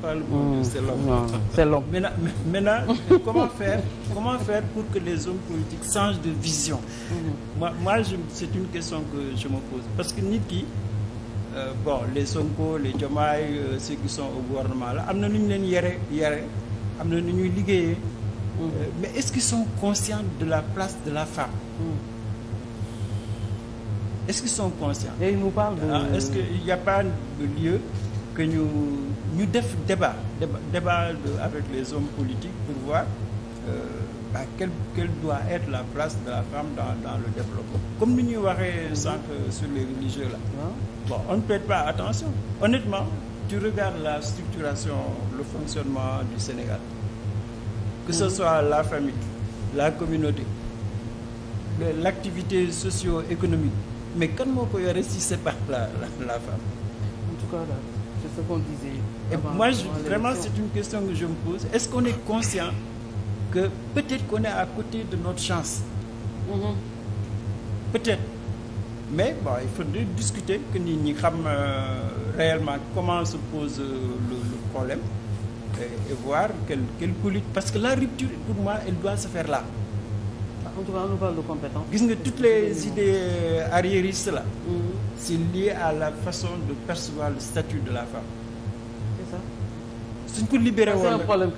pas le bon Dieu, c'est l'homme. C'est l'homme. Maintenant, maintenant <laughs> comment, faire, comment faire pour que les hommes politiques changent de vision hmm. Moi, moi c'est une question que je me pose. Parce que Niki, euh, bon, les Sonko, les Diomaye, euh, ceux qui sont au gouvernement, là, amna ñu leen yéré yéré, amna ñu ñuy liggéeyé. Hmm. Euh, mais est-ce qu'ils sont conscients de la place de la femme hmm. Est-ce qu'ils sont conscients Et ils nous parlent de... Ah, est-ce qu'il n'y a pas de lieu que ñu def débat débat avec les hommes politiques pour voir euh, bah, quelle quelle doit être la place de la femme dans dans le développement comme ni ñuy waxee sànq sur les religieux là bon on ne prête pas attention honnêtement tu regardes la structuration le fonctionnement du Sénégal que ce mmh. soit la famille la communauté l'activité socio économiques mais kan moo ko yore si c'est pas la la femme C'est ce qu'on disait. Et moi, je, vraiment, c'est une question que je me pose. Est-ce qu'on est conscient que peut-être qu'on est à côté de notre chance mm-hmm. Peut-être. Mais bon, il faudrait discuter que nous euh, savons réellement comment se pose euh, le, le problème et voir quelle, politique. Parce que la rupture, pour moi, elle doit se faire là. On parle Gis nga toutes les idées euh, arriéristes là. Mm-hmm. c'est lié à la façon de percevoir le statut de la femme. c'est ça. suñ ko libéré ah, woon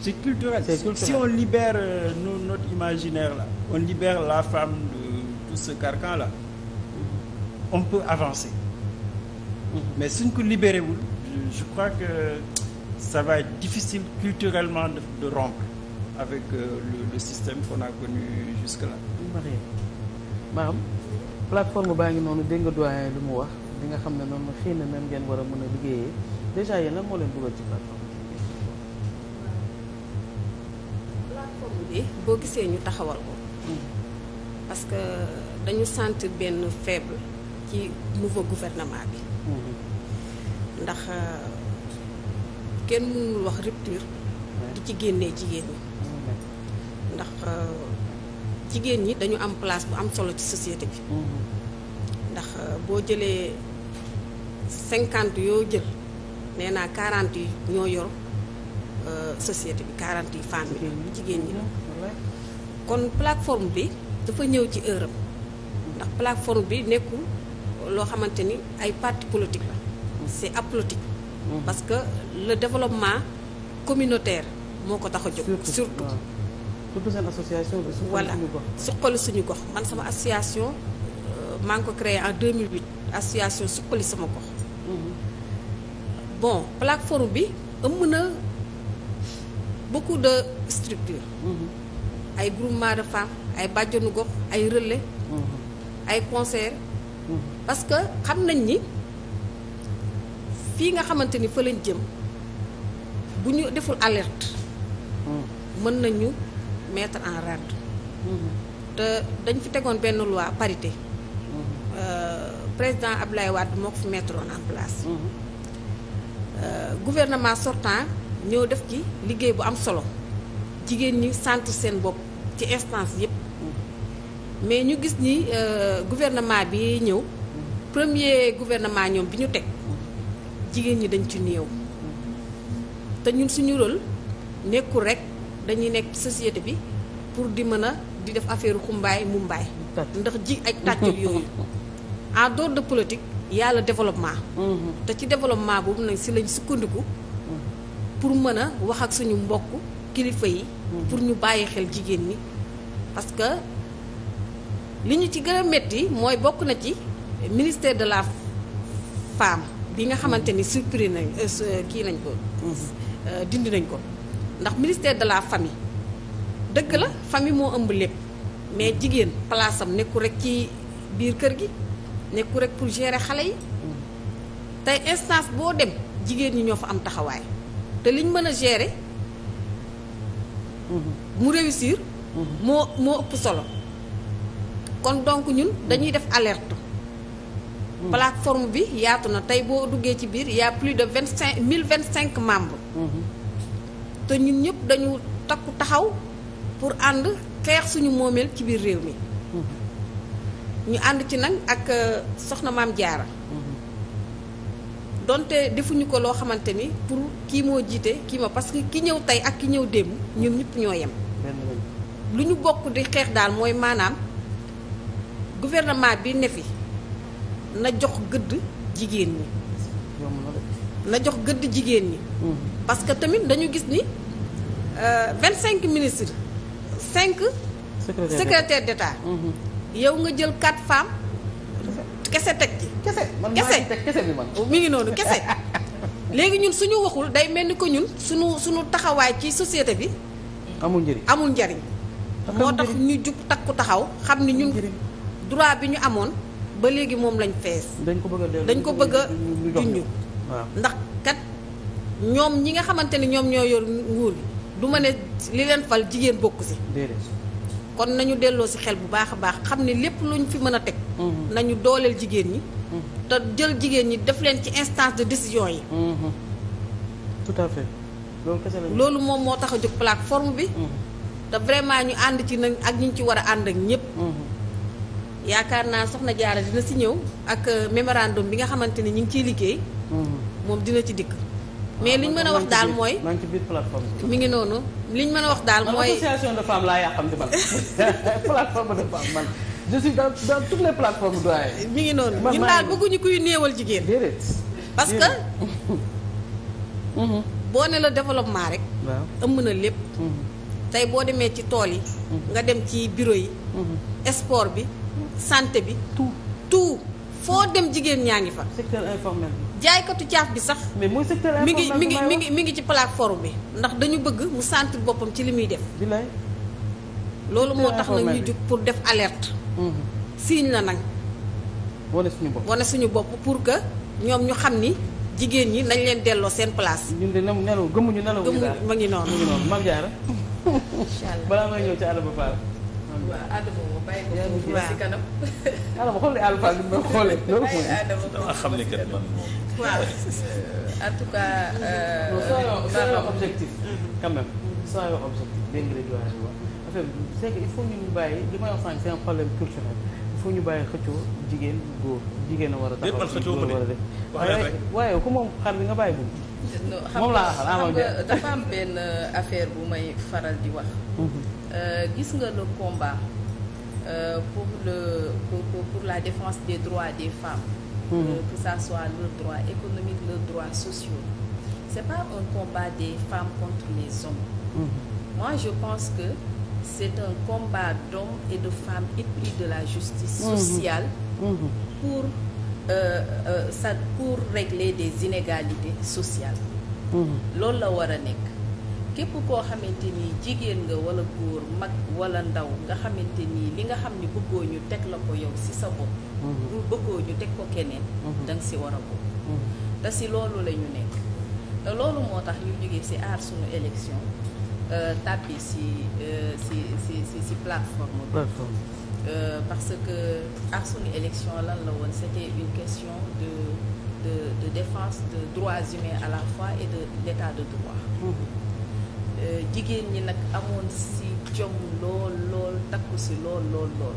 c'est culturel. si on libère euh, notre imaginaire là on libère la femme de tout ce carcan là on peut avancer. mais suñ ko libéré wul je crois que ça va être difficile culturellement de, de rompre avec euh, le, système qu'on a connu jusque là. plateforme baa ngi noonu dégg nga doyen lu mu wax li nga xam ne noonu xëy na même ngeen war a mën a liggéeyee déjà yéen lan moo leen dugal ci plateforme plateforme bi boo gisee ñu taxawal ko hmm. parce que dañu sentir benn faible ci nouveau gouvernement bi hmm. ndax euh, kenn mënul wax rupture di ci génnee jigéen ñi hmm. ndax euh, jigéen ñi dañu am place bu am solo ci société bi mm-hmm. ndax euh, boo jëlee cinquante yoo jël nee naa quarante yi ñoo yor euh, société bi quarante yi femmes yi mm-hmm. jigéen ñi la mm-hmm. kon plateforme bi dafa ñëw ci heure am ndax plateforme bi nekkul loo xamante ni ay parti politique la c'est apolitique parce que le développement communautaire moo ko tax a jóg surtout tudd seen association de voilà suqali suñu gox man sama association euh, maa ngi ko créer en 2008 association suqali sama gox mhm. bon plateforme bi ëmb na beaucoup de structures mhm. ay groupement de femmes ay bàjjanu gox ay relais mhm. ay conseils parce que xam nañ ni fii nga xamante ni fa jëm bu ñu deful alerte mën nañu mettre en rade te dañ fi tegoon benn loi parité euh, président Abdoulaye Wade moo ko fi mettre woon en place euh, gouvernement sortan ñëw def ci liggéey bu am solo jigéen ñi sant seen bopp ci instance yépp mais ñu gis ni euh, gouvernement bi ñëw premier gouvernement ñoom bi ñu teg jigéen ñi dañ ci néew te ñun suñu rôle nekkul rek dañuy nekk société bi pour di mën a di def affaire xumbaay mumbaay ndax ji ak tàccut yooyu en dehors de politique yàlla développement mm-hmm. te ci développement boobu nag si lañ sukkandiku pour mën a wax ak suñu mbokk kilifa yi mm-hmm. pour ñu bàyyi xel jigéen ñi parce que li ñu ci gën a métti mooy bokk na ci ministère de la femme bi nga xamante ni mm-hmm. supprimer nañ euh, kii nañ ko euh, dindi nañ ko ndax ministère de la famille dëgg la famille moo ëmb lépp mais jigéen place am nekku rek ci biir kër gi nekku rek pour gérer xale yi tey instance boo dem jigéen ñi ñoo fa am taxawaay te liñ mën a gérer mu réussir moo moo ëpp solo kon donc ñun dañuy def alerte forme bi yaatu na tey boo duggee ci biir y a plus de vingt cinq mille vingt cinq membres mhm. te ñun ñëpp dañu takku taxaw pour ànd xeex suñu moomeel ci biir réew mi ñu ànd ci nag ak euh, soxna maam jaara doonte defuñu ko loo xamante ni pour kii moo jiite kii ma parce que ki ñëw tey ak ki ñëw démb ñoom ñëpp ñoo yem lu ñu bokk di xeex daal mooy maanaam gouvernement bi ne fi na jox gëdd jigéen ñi na jox gëdd jigéen ñi mm-hmm. parce que tamit dañu gis ni euh, vingt cinq ministres cinq secrétaire d'État mhm. yow nga jël quatre femmes kese teg ci kese kese bi man mi ngi noonu kese <laughs> léegi ñun suñu waxul day mel ni ko ñun suñu suñu taxawaay ci société bi amul njëriñ amul njëriñ moo tax ñu jub takku taxaw xam ni ñun droit bi ñu amoon ba léegi moom lañ fees dañ ko bëgg a dañ ko bëgg a ndax kat ñoom ñi nga xamante ni ñoom ñoo yor nguur gi du ma ne li leen fal jigéen bokk si kon nañu delloo si xel bu baax a baax xam ne lépp luñ fi mën a teg mm-hmm. nañu dooleel jigéen ñi mm-hmm. te jël jigéen ñi def leen ci instance de décision yi mm-hmm. tout loolu moom moo tax a jóg plateforme bi te vraiment ñu ànd ci nag ak ñu ci war a ànd ak ñëpp yaakaar naa soxna Diarra dina si ñëw ak euh, mémorandum bi nga xamante ni ñu ngi ciy liggéey moom dina ci dikk mais li ñu mën a wax daal mooy. maa ngi ci biir plateforme mi ngi noonu liñ mën a wax daal mooy. association de femmes laa yàqam ci man <laughs> plateforme de femmes man je suis mi ngi noonu ñun daal bëgguñu kuy néewal jigéen. déedéet parce que. <laughs> Mhm. boo ne la développement rek. ëmb na lépp. Mhm. tey boo demee ci tool yi. Mhm. nga dem ci bureau yi. sport bi santé bi. tout foo dem jigéen ñaa ngi fa. secteur informel bi. jaaykatu caaf bi sax. mais mooy secteur mi ngi mi ngi mi ngi mi ngi ci plateforme bi ndax dañu bëgg mu sentir boppam ci li muy def. loolu moo tax nag ñu jug pour def alerte. Mhm. signe na nag. wane suñu bopp wane suñu bopp pour que ñoom ñu xam ni jigéen ñi nañ leen delloo seen place. yi de nelaw gëmuñu nelaw. gëmuñu ma ngi noonu ma ngi noonu Mame Diarra. <laughs> incha allah balaa may ñëw ci àll ba waaw Adama moom bàyyi ko foofu si kanam. Adama xool ne bi ma xoolee. loolu mooy xam ne kat man moom. waaw en tout cas. soyons objectif. quand nga li doyen wax jigéen jigéen a war a a def waaye waaye ku moom xar bi nga bàyyi buñ moom laa xam nga dafa am benn affaire bu may faral di wax Euh, gis nga le combat euh, pour le la défense des droits des femmes. Euh, que ça soit leurs droits économiques leurs droits sociaux c'est pas un combat des femmes contre les hommes. moi je pense que c'est un combat d'hommes et de femmes épris de la justice sociale. pour régler des inégalités sociales. loolu la war a nekk. képp koo xamante ni jigéen nga wala góor mag wala ndaw nga xamante ni li nga xam ni bëggoo ñu teg la ko yow ci sa bopp. Mhm. bu bëggoo ñu teg ko keneen. Mhm. da si ci war a bokk. Mhm. te ci loolu lañu nekk te loolu moo tax ñu jógee ci aar sunu élection euh, tàbbi ci euh, ci ci ci ci plateforme bi. Euh, parce que aar sunu élection lan la woon c'était une question de. de de défense de droits à la fois et de l'état de droit. jigéen ñi nag amoon si jom lool lool takku si lool lool lool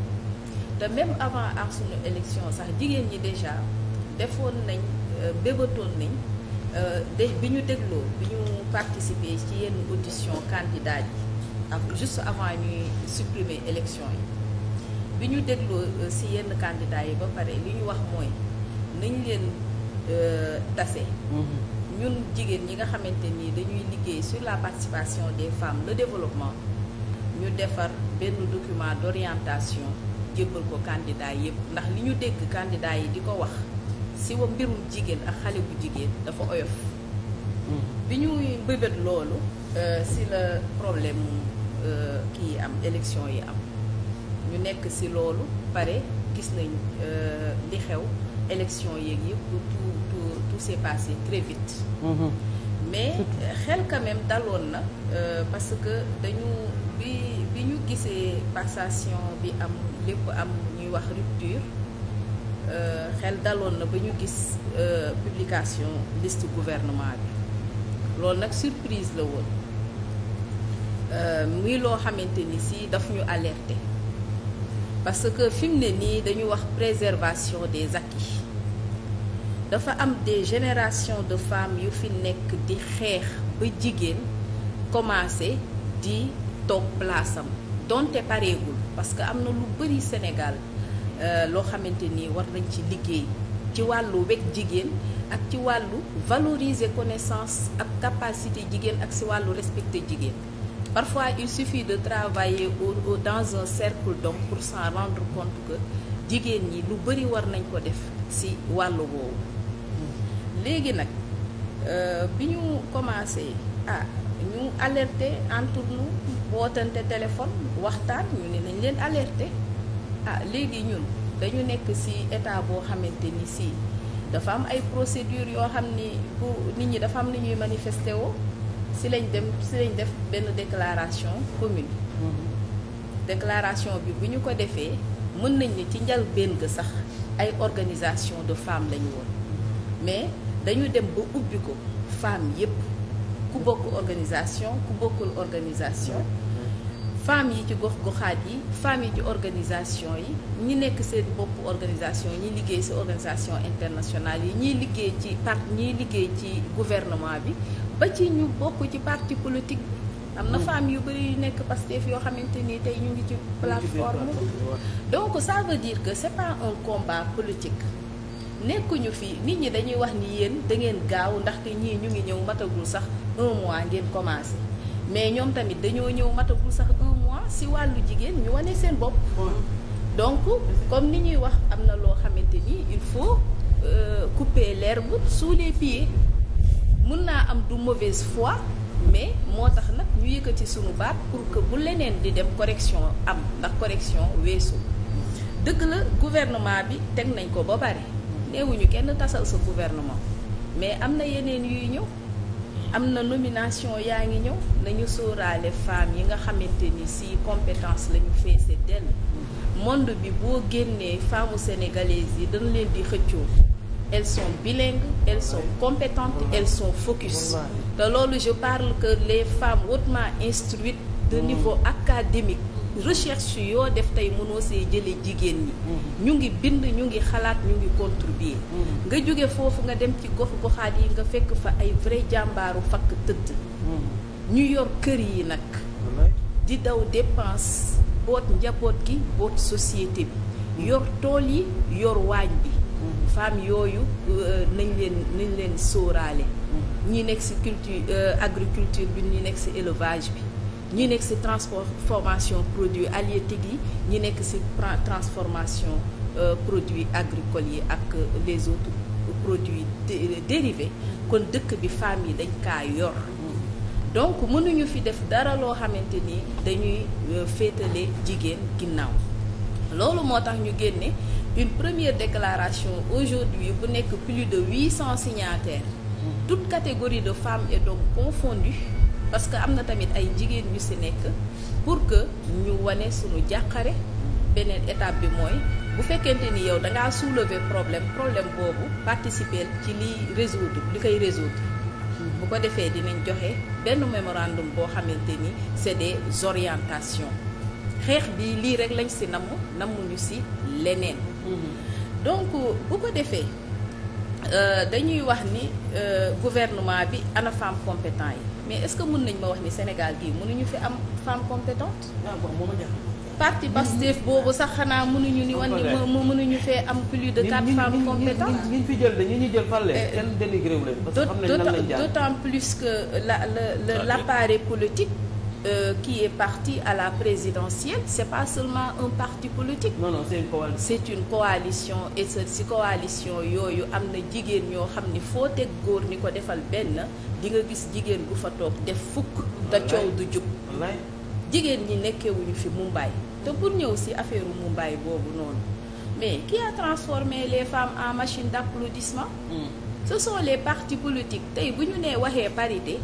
te même avant ak suñu élection sax jigéen ñi déjà defoon nañ euh, bébatoon nañ euh, de bi ñu dégloo bi ñu participer ci yenn audition candidat yi ak juste avant ñuy supprimer élection yi bi ñu dégloo si euh, yenn candidat yi ba pare li ñu wax mooy nañ leen tase mm-hmm. ñun jigéen ñi nga xamante nii dañuy liggéey sur la participation des femmes le développement ñu defar benn document d'orientation jébbal ko candidat yépp ndax li ñu dégg candidat yi di ko wax si wa mbirum jigéen ak xale bu jigéen dafa oyof hmm. bi ñuy mbëbët loolu euh, si la problème euh, kii am élection yi am ñu nekk si loolu pare gis nañ euh, li xew élection yeeg yëpp tout s'est passé très vite. Mm mais euh, xel euh, daloon na euh, parce que dañu bi bi ñu gisee passation bi am lépp am ñuy wax rupture euh, xel daloon na ba ñu gis euh, publication liste gouvernement bi loolu nag surprise la woon muy loo xamante ni si daf ñu alerter parce que fi mu ne nii dañu wax préservation des acquis dafa am des génération de femmes yu fi nekk di xeex ba jigéen commencé di toog place am donte pareegul parce que am na lu bëri Sénégal euh, loo xamante ni war nañ ci liggéey ci wàllu weg jigéen ak ci wàllu valoriser connaissance ak capacité jigéen ak si wàllu respecter jigéen parfois il suffit de travailler au dans un cercle donc pour s'en rendre compte que jigéen ñi lu bëri war nañ ko def si wàllu woowu léegi nag euh, bi ñu commencé ah ñu alerte entre nous wootante téléphone waxtaan ñu ne nañ leen alerté ah léegi ñun dañu nekk ci état boo xamante ni si dafa am ay procédure yoo xam ni bu nit ñi dafa am ni ñuy manifester woo ci lañ dem ci lañ def benn déclaration commune mm-hmm. déclaration bi bu ñu ko defee mën nañ ni ci njëlbéen ga sax ay organisation de femmes lañu woon mais dañu dem ba ubbi ko femme yépp ku bokk organisation ku bokkul organisation femme yi ci gox goxaat yi femme yi ci organisation yi ñi nekk seen bopp organisation ñi liggéey ci organisation internationale yi ñiy liggéey ci part ñiy liggéey ci gouvernement bi ba ci ñu bokk ci parti politique am na hmm. femme yu bari yu nekk Pastef yoo xamante ni tey ñu ngi ci plateforme donc sa veut dire que c'est pas un combat politique nekkuñu fi nit ñi dañuy wax ni yéen da ngeen gaaw ndaxte ñii ñu ngi ñëw matagul sax un mois ngeen commencé mais ñoom tamit dañoo ñëw matagul sax un mois si wàllu jigéen ñu wane seen bopp. donc comme ni ñuy wax am na loo xamante ni il faut euh, couper l'herbe sous les pieds mun naa am du mauvaise fois mais moo tax nag ñu yëkkati sunu baat pour que bu leneen di dem correction am ndax correction weesu dëgg la gouvernement bi teg nañ ko ba bari néewuñu kenn tasal sa gouvernement mais am na yeneen yuy ñëw am na nomination yaa ngi ñëw nañu sóoraale femme yi nga xamante ni si compétence la ñu feese dell monde bi boo génnee femmes sénégalaises yi dañ leen di xëccoo elles sont bilingues elles sont compétentes elles sont focus te loolu je parle que les femmes hautement instruites de mm. niveau académique recherche yoo def tey mënoo see jële jigéen ñi mm-hmm. ñu ngi bind ñu ngi xalaat ñu ngi contribuer mm-hmm. nga jóge foofu nga dem ci gox goxaat yi nga fekk fa ay vrai jàmbaaru fakk tëdd mm-hmm. ñu yor kër yi nag di daw dépense boot njaboot gi boot société bi yor tool yi yor waañ bi femme yooyu euh, nañ leen nañ leen sóoraale ñi nekk ci culture euh, agriculture bi ñu nekk ci élevage bi ñu nekk ci transformation produit halieutique yi ñu nekk ci transformation euh, produit agricoles yi ak les autres produits euh, dérivés kon dëkk bi femmes yi dañ kaa yor donc mënuñu fi def dara loo xamante ni dañuy euh, féetale jigéen ginnaaw loolu moo tax ñu génne une première déclaration aujourd'hui bu nekk plus de huit cents signataires toutes catégories de femmes et d'hommes confondues parce que am na tamit ay jigéen ñu si nekk pour que ñu wane suñu jàqare beneen étape bi mooy bu fekkente ni yow dangaa soulever problème problème boobu participer ci liy résoudre li koy résoudre bu ko defee dinañ joxe benn mémorandum boo xamante ni c'est des orientations xeex bi lii rek lañ si namm nammuñu si leneen donc bu ko defee euh, dañuy wax ni euh, gouvernement bi ana femme compétent yi mais est-ce que mën nañ ma wax ni Sénégal gii ñu fi am femme compétente. Ah, parti Pastef boobu sax xanaa mënuñu ni wan ni mënuñu fee am plus de quatre femmes compétentes ñi fi jël de ñi ñu jël fan leen eh, kenn dénigré wu leen parce que xam nañ nan lañ jaar d'autant plus que la le ah, l'appareil politique euh, qui est parti à la présidentielle c'est pas seulement un parti politique. non non c'est une coalition. c'est une coalition yooyu am na jigéen ñoo xam ni foo teg góor ni ko defal benn di nga gis jigéen bu fa toog def fukk. te coow du jub. jigéen ñi nekkewuñu fi Mumbai. te pour ñëw si affaire Mumbai boobu noonu mais qui a transformé les femmes en machine d'applaudissement mm. ce sont les partis politiques tey bu ñu nee waxee parité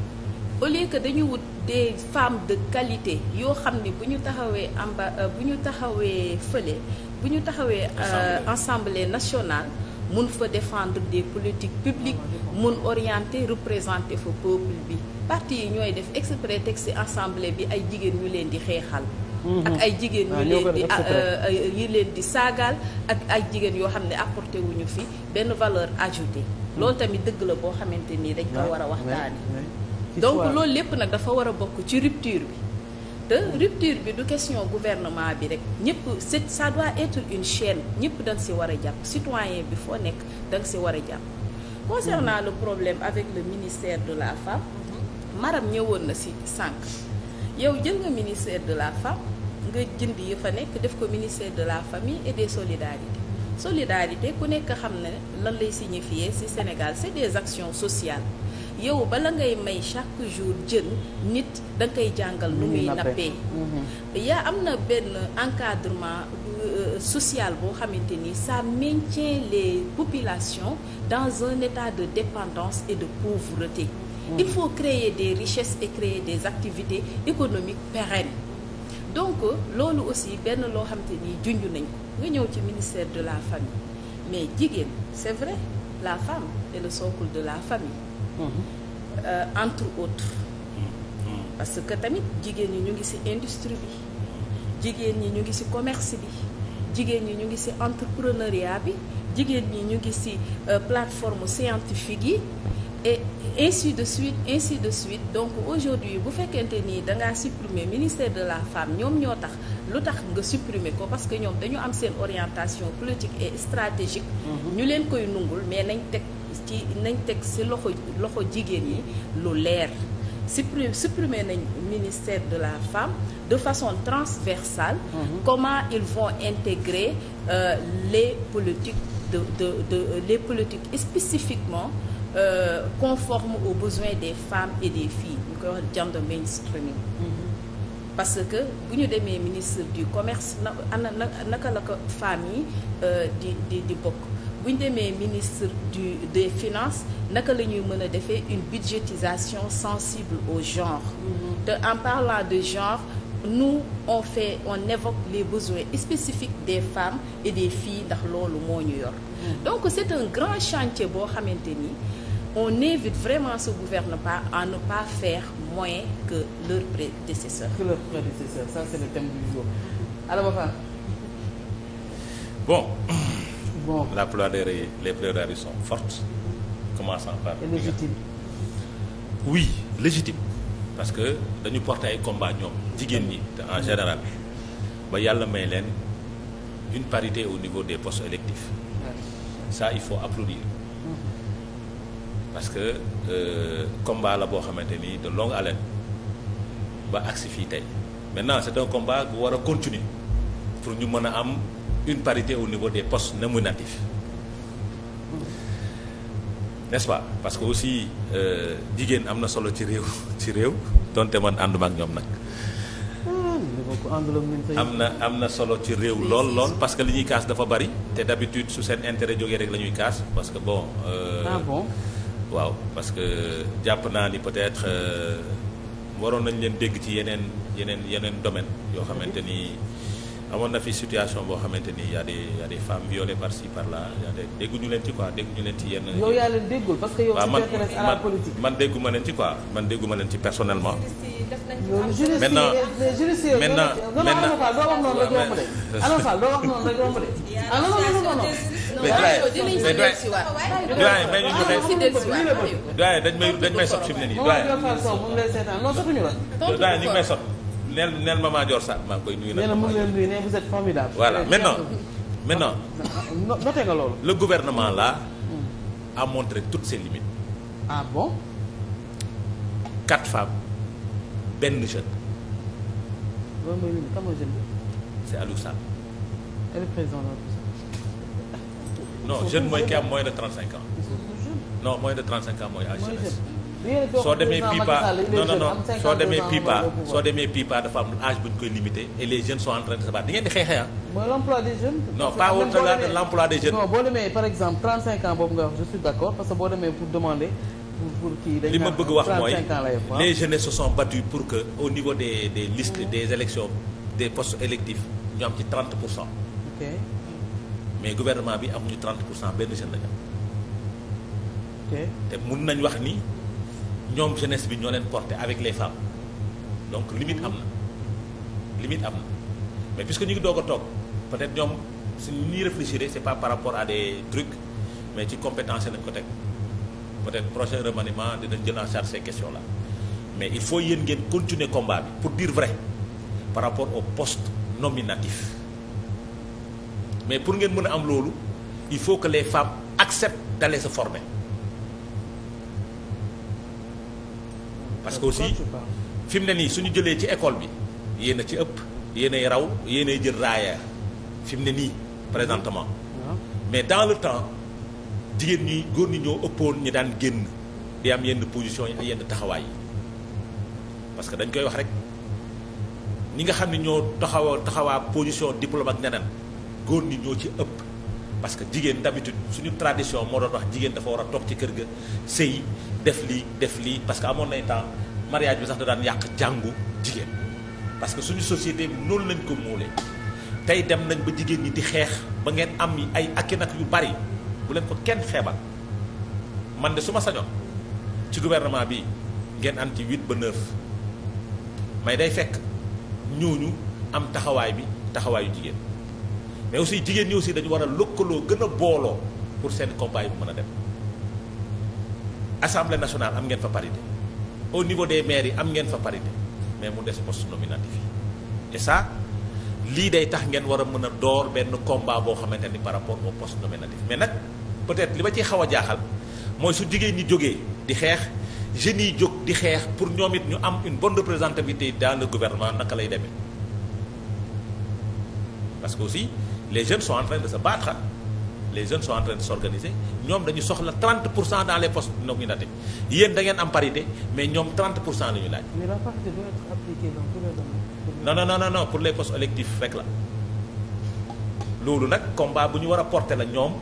au lieu que dañu wut. de femme de qualité yoo xam ni bu ñu taxawee amba euh, bu ñu taxawee fële bu ñu taxawee euh, assemblée national mun fa défendre des politique publique mun orienter représenter fa peuple bi partie yi ñooy def exprès teg ci assemblée bi ay jigéen ñu leen di xeexal mm-hmm. ak ay jigéen ñu ah, ah, euh, leen di leen di saagaal ak ay jigéen yoo xam ne wu ñu fi benn valeur ajoutée mm. loolu tamit dëgg la boo xamante nii dañ ko war a waxtaane donc loolu lépp nag dafa war a bokk ci rupture bi te rupture bi du question gouvernement bi rek ñëpp c'est ça doit une chaîne ñëpp da si war a jàpp citoyen bi foo nekk da si war a jàpp concernant mm-hmm. le problème avec le ministère de la femme mm-hmm. maram ñëwoon na si sànq yow jël nga ministère de la femme nga jënd yi fa nekk def ko ministère de la famille et des solidarités solidarité ku nekk xam ne lan lay signifier si Sénégal c'est des actions sociales yow bala ngay may chaque jour jën nit da nga jàngal nu muy nappee mhm. yaa am na benn encadrement euh, social boo xamante ni ça maintient les population dans un état de dépendance et de pauvreté mhm. il faut créer des richesses et créer des activités économiques pérennes donc loolu aussi benn loo xamante ni junj nañ ko nga ñëw ci ministère de la famille mais jigéen c'est vrai la femme est le socle de la famille Euh, entre autres parce que tamit jigéen ñi ñu ngi ci industrie bi jigéen ñi ñu ngi ci commerce bi jigéen ñi ñu ngi ci entrepreneuriat bi jigéen ñi ñu ngi ci euh, plateforme scientifique yi et ainsi de suite ainsi de suite donc aujourd'hui bu fekkente ni da ngaa supprimer ministère de la femme ñoom ñoo tax lu tax nga supprimer ko parce que ñoom dañu am seen orientation politique et stratégique mm-hmm. ñu leen koy nungul mais nañ teg ci nañ teg si loxo loxo jigéen yi lu leer supprimer supprimer nañ ministère de la femme de façon transversale mmh. comment ils vont intégrer euh, les politiques de de de les politiques spécifiquement euh, conformes aux besoins des femmes et des filles ñu koy wax gender mainstreaming mhm. parce que bu ñu demee ministre du commerce na ana naka la ko femmes yi euh, di di di bokk bu ñu demee ministre du des finances naka la ñuy mën a defee une budgétisation sensible au genre mm-hmm. te en parlant de genre nous on fait on évoque les besoins spécifiques des femmes et des filles ndax loolu moo ñu yor mm-hmm. donc c'est un grand chantier boo xamante ni on invite vraiment ce gouvernement à ne pas faire moins que leurs prédécesseurs que leurs prédécesseurs ça c'est le thème du jour alors bon bon la plaidoirie les plaidoiries sont fortes commençant par. et légitime. oui légitime parce que dañu porte ay combat ñoom jigéen ñi te en général ba yàlla may leen une parité au niveau des postes électifs ça il faut applaudir mm-hmm. parce que euh, combat la boo xamante ni de longue haleine ba agsi fii tey maintenant c'est un bu war a continuer pour ñu mën a am. une parité au niveau des postes nominatifs n'est-ce pas parce que aussi euh, jigéen am na solo ci réew ci réew donte man ànduma ak ñoom nag. am na am na solo ci réew lool lool parce que li ñuy kaas dafa bari te d'habitude su seen intérêt jógee rek lañuy kaas parce que bon. Euh, ah waaw parce que jàpp naa ni peut-être euh, waroon nañ leen dégg ci yeneen yeneen yeneen domaine yoo xamante ni. amoon na fi situation boo xamante ni y' a des y' a des femmes violées par ci par là y' a des dégguñu leen ci quoi dégguñu leen ci yenn. yow yaa leen déggul parce que yow. tu t'intéresses à la politique man man dégguma leen ci quoi man dégguma leen ci personnellement. maintenant maintenant maintenant mais doyen dañ may dañ may sob fi mu ne nii doyen. doyen ñu ngi may sob neel neel maman Dior Sarr maa ngi koy nuyu. nee na mu ngi leen nuyu nee vous êtes formidable. voilà maintenant maintenant. noté nga loolu. le gouvernement là. Mm. a montré toutes ses limites. ah bon. quatre femmes benn jeune. loolu mooy lim kan mooy jeune bi. non jeune mooy ki am moins de trente cinq non moins de trente cinq soo demee pipa non non soo demee pipa soo demee pipa dafa am âge bu ñu koy limité et les jeunes sont en train de se battre di ngeen di xeexee ah. mooy l'emploi des jeunes. non pas au-delà de l'emploi des jeunes. non boo demee par boobu nga wax je suis d'accord parce que boo demee pour demander. li ah. que au niveau des des listes des élections des postes ñu am ci 30 pour cent. ok mais gouvernement bi amuñu 30 pour cent benn jeune la ñu te mun nañ wax ni. ñoom jeunesse bi ñoo leen porté avec les femmes donc limite am na limite am na mais puisque ñu ngi doog a toog peut-être ñoom suñu ñuy réfléchir c'est pas par rapport à des trucs mais ci compétence nañ ko teg peut-être prochain remaniement dina jël en charge ces questions mais il faut yéen ngeen continuer combat bi pour dire vrai par rapport au poste nominatif mais pour ngeen mën a am loolu il faut que les femmes acceptent d'aller sa former parce que aussi fi mu ne nii suñu jëlee ci école bi yéen a ci ëpp yéenay raw yéenay jël raaya fi mu ne nii présentement mais dans le temps jigéen ñi góor ñi ñoo ëppoon ñi daan génn di am yenn position yi ak yenn taxawaay yi parce que dañ koy wax rek ni nga xam ne ñoo taxawa taxawaa position diplôme ak neneen góor ñi ñoo ci ëpp parce que jigéen d'habitude suñu tradition moo doon wax jigéen dafa war a toog ci kër ga sëy def lii def lii parce que amoon nay temps mariage bi sax da daan yàq jàngu jigéen parce que suñu société bi noonu lañ ko muulee tey dem nañ ba jigéen ñi di xeex ba ngeen am ay akki nag yu bari bu leen ko kenn xeebal man de su ma sañoon ci gouvernement bi ngeen am ci huit ba neuf mais day fekk ñu am taxawaay bi taxawaayu jigéen mais aussi jigéen ñi aussi dañu war a lëkkaloo gën a booloo pour seen combat yi bu mën a dem assemblée nationale am ngeen fa parité au niveau des maires yi am ngeen fa parité mais mu des poste nominatif yi et ça lii day tax ngeen war a mën a door benn combat boo xamante ni par rapport au poste nominatif mais nag peut-être li ma ciy xaw a jaaxal mooy su jigéen ñi jógee di xeex jeunes yi jóg di xeex pour ñoom it ñu am une bonne représentativité dans le gouvernement naka lay deme parce que aussi les jeunes sont en train sa se battre les jeunes sont en train ñoom dañu soxla 30 pour cent dans les postes de nomination yéen da ngeen am parité mais ñoom trente pour cent la ñu laaj. mais la parité doit les domaines. non non pour les postes électifs rek la loolu nag combat bu ñu war a porter la ñoom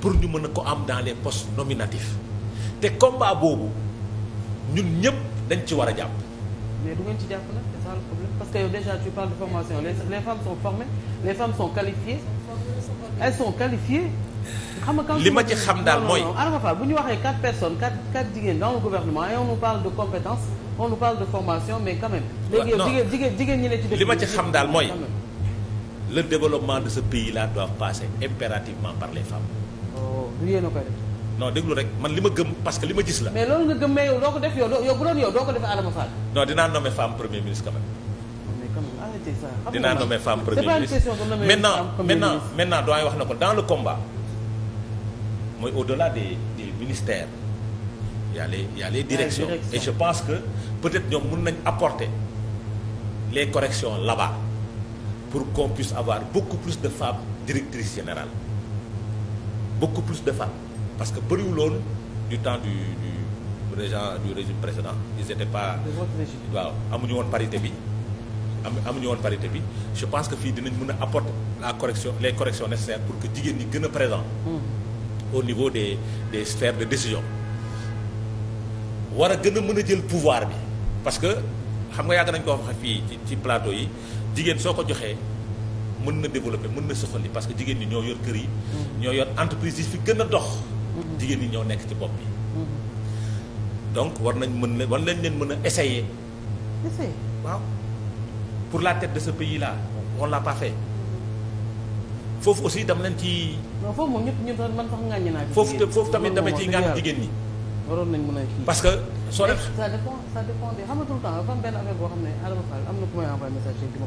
pour ñu mën a ko am dans les postes nominatifs te combat boobu ñun ñëpp dañ ci war a jàpp. mais du ngeen ci jàpp nag parce que yow déjà tu parles de formation les les femmes sont les femmes sont qualifiées. elles sont qualifiées. xam nga li ma ci xam daal mooy Adama Fall bu ñu waxee quatre personnes quatre quatre jigéen dans le gouvernement et on nous parle de compétence on nous parle de formation mais quand même. léegi yow jigéen jigéen ñi ne ci. li ma ci xam daal mooy le développement de ce pays là doit passer impérativement par les femmes. du oh, yéen a koy def. non déglu rek man li ma gëm parce que li ma gis la. mais loolu nga gëm mais yow doo ko def yow doo yow bu doon dinaa nommer femme premier ministre maintenant maintenant maintenant doyen wax na ko dans le combat mooy au-delà des de ministères y a direction y et je pense que peut-être ñoom mun nañu apporter les corrections là-bas pour qu'on puisse avoir beaucoup plus de femmes directrices général beaucoup plus de femmes parce que bëriwuloon du temps du du régent du régime précédent ils étaient pas waaw amuñu woon parité bi am amuñu woon parité bi je pense que fii dinañ mën a apporter la correction les corrections nécessaires pour que jigéen ñi gën a présent hmm. au niveau des des sphères de décision war a gën a mën a jël pouvoir bi parce que xam nga yàgg nañ koo wax fii ci ci plateau yi jigéen soo ko joxee mën na développer mën na soxali parce que jigéen ñi ñoo yor kër yi hmm. ñoo yor entreprise yi fi gën a dox hmm. jigéen ñi ñoo nekk ci bopp bi donc war nañ mën le war nañ leen mën a essayer waaw pour la tête de ce pays là on l'a foofu aussi dama leen ci. non foofu moom ñëpp ñëpp man sax ngàññi naa. foofu tamit dama ciy ngàññi jigéen ñi. waroon nañ mën a kii parce que soo def ça dépend xam temps dafa am benn affaire boo xam ne na ku may envoyé message di ma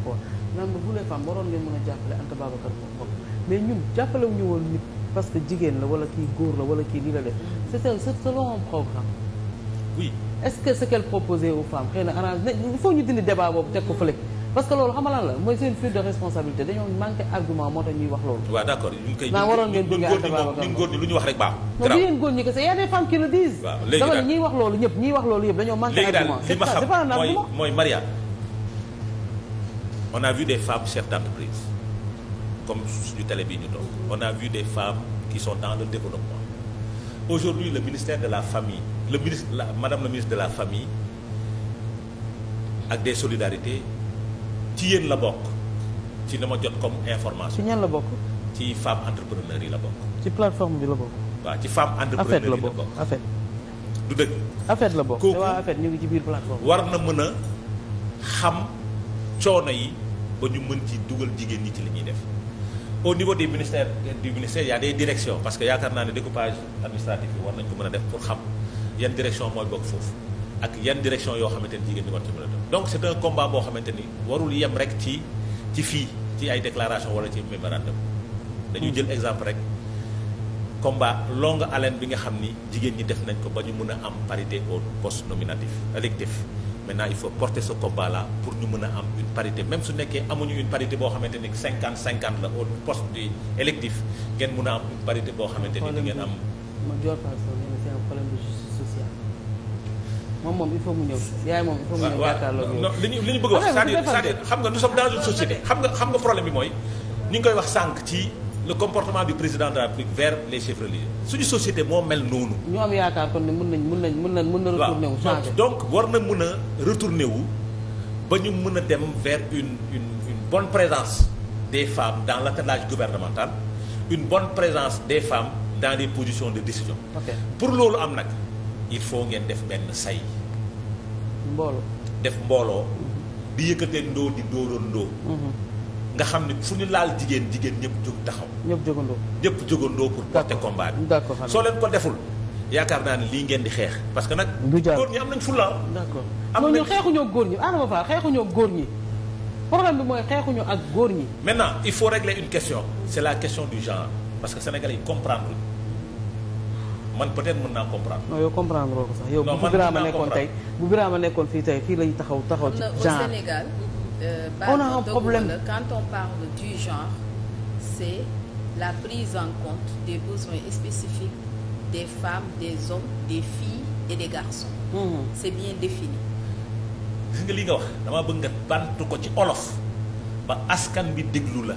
ma vous les femmes waroon ngeen mën a jàppale Anta Babacar Ngom mais ñun jàppale wu ñu woon nit parce que jigéen la wala kii góor la wala kii lii la def c'est selon un programme oui est-ce que ce qu'elle proposait aux femmes xëy na arrange il faut ñu dindi parce que loolu xamalan la mooy seen fuite de responsabilité dañoo manqué argument moo tax ñuy wax loolu waaw d'accord ñun koy naa waroon ngeen bëgg ñun góor lu ñu wax rek baax non yéen góor ñi kese y a des femmes wax loolu ñëpp ñiy wax loolu yëpp dañoo manqué argument c'est pas un mooy Maria on a vu des femmes chefs d'entreprise comme suñu tele bi ñu toog on a vu des femmes qui sont dans le développement aujourd'hui le ministère de la famille le ministre la madame la ministre de la famille des solidarités ci yéen la bokk ci li ma jot comme information. ci ñan la bokk. ci femme entrepreneur yi la bokk. ci plateforme bi la bokk. waaw ci femme entrepreneur yi la bokk affaire du dëgg. affaire la bokk kooku waaw affaire ñu ngi ci biir plateforme. war na mën a xam coono yi ba ñu mën ci dugal jigéen ñi ci li def au niveau des ministères ministère y a des parce que yaakaar naa ne découpage administratif yi war nañ ko mën a def pour xam yan direction mooy bokk foofu ak yan direction yoo xamante ne jigéen ñi donc c' est un combat boo xamante ni warul yem rek ci ci fii ci ay déclaration wala ci mémorandum dañu jël exemple rek combat longue haleine bi nga xam ni jigéen ñi def nañ ko ba ñu mën a am parité au poste nominatif électif maintenant il faut porter ce combat là pour ñu mën a am une parité même su nekkee amuñu une parité boo xamante ni cinquante cinquante la au poste du ngeen mun a am une parité boo xamante ni di ngeen am moom moom il faut mu ñëw yaay moom il faut mu ñëw jàkkaarloo non li ñu li ñu bëgg a wax c'est-à-dire cest xam nga nous sommes dans une société xam nga xam nga problème bi mooy ñu ngi koy wax sànq ci le comportement du président de la République vers les chefs religieux suñu société moo mel noonu ñoo am yaakaar kon ne mun nañ mun nañ mën na mën na retourné wu changé donc war na mën na retourné wu ba ñu mun a dem vers une une une bonne présence des femmes dans l'attelage gouvernemental une bonne présence des femmes dans les positions de décision pour loolu am nag il faut ngeen def benn say. mbool def mbooloo. di yëkkatee ndoo di doo ndoo. Mhm. nga xam ne fu ñu laal jigéen jigéen ñëpp jóg taxaw. ñëpp jógandoo ñëpp jógandoo pour porter combat bi. d'accord soo leen ko deful yaakaar naa ne lii ngeen di xeex. parce que nag. du jaar góor ñi am nañ fulla. d'accord am nañ xeexuñoo góor ñi Adama Fall xeexuñoo góor ñi problème bi mooy xeexuñu ak góor ñi. maintenant il faut régler une question c'est la question du genre parce que sénégalais yi comprendre. man peut-être mën naa comprendre. non yow comprendre loo ko sax yow. bu Birama nekkoon tey bu Birama nekkoon fii tey fii lañu taxaw taxaw ci genre. Euh, on a un problème quand on parle du genre c'est la prise en compte des besoins spécifiques des femmes des hommes des filles et des garçons. Mhm. c'est bien défini. gis nga li nga wax damaa bëgg nga bantu ko ci olof ba askan bi déglu la.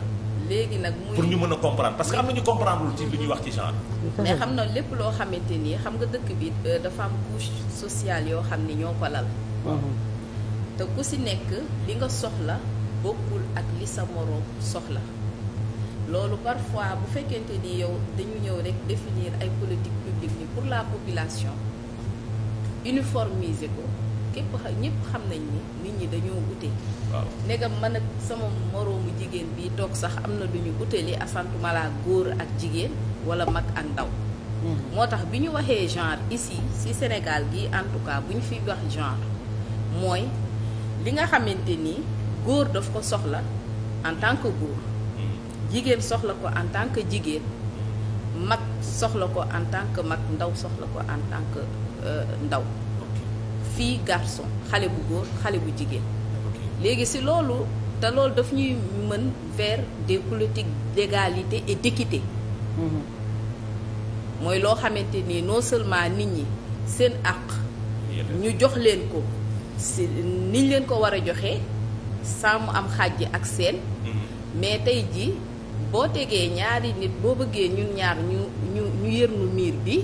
léegi nag muy pour ñu mën a comprendre parce que am na ñu comprendre ci li ñuy wax ci genre. mais xam na lépp loo xamante nii xam nga dëkk bi euh, dafa am couche sociale yoo xam ni ñoo ko lal. Mhm. te ku si nekk li nga soxla bokkul ak li sa moroom soxla. loolu parfois bu fekkente ni yow dañu ñëw rek définir ay politique publique ni pour la population uniformiser ko. képp ñëpp xam nañ ni nit ñi dañoo ute waaw ndegam man ak sama moroomu jigéen bi toog sax am na lu ñu utali asantuma laa góor ak jigéen wala mag ak ndaw hmm. moo tax bi ñu waxee genre ici ci Sénégal gi en tout cas bu ñu fi wax genre mooy li nga xamante ni góor daf ko soxla en tant que góor hmm. jigéen soxla ko en tant que jigéen mag soxla ko en tant que mag ndaw soxla ko en tant que euh, ndaw fi garçon xale bu góor xale bu jigéen léegi si loolu te loolu dafa ñuy mën vers des politiques d'égalité et mhm. mooy loo xamante ni non seulement nit ñi seen àq ñu jox leen ko si niñ leen ko war a joxe sans am xàjj ak seen mhm. mais tey ji boo tegee ñaari nit boo bëggee ñun ñaar ñu ñu ñu yërnu miir bi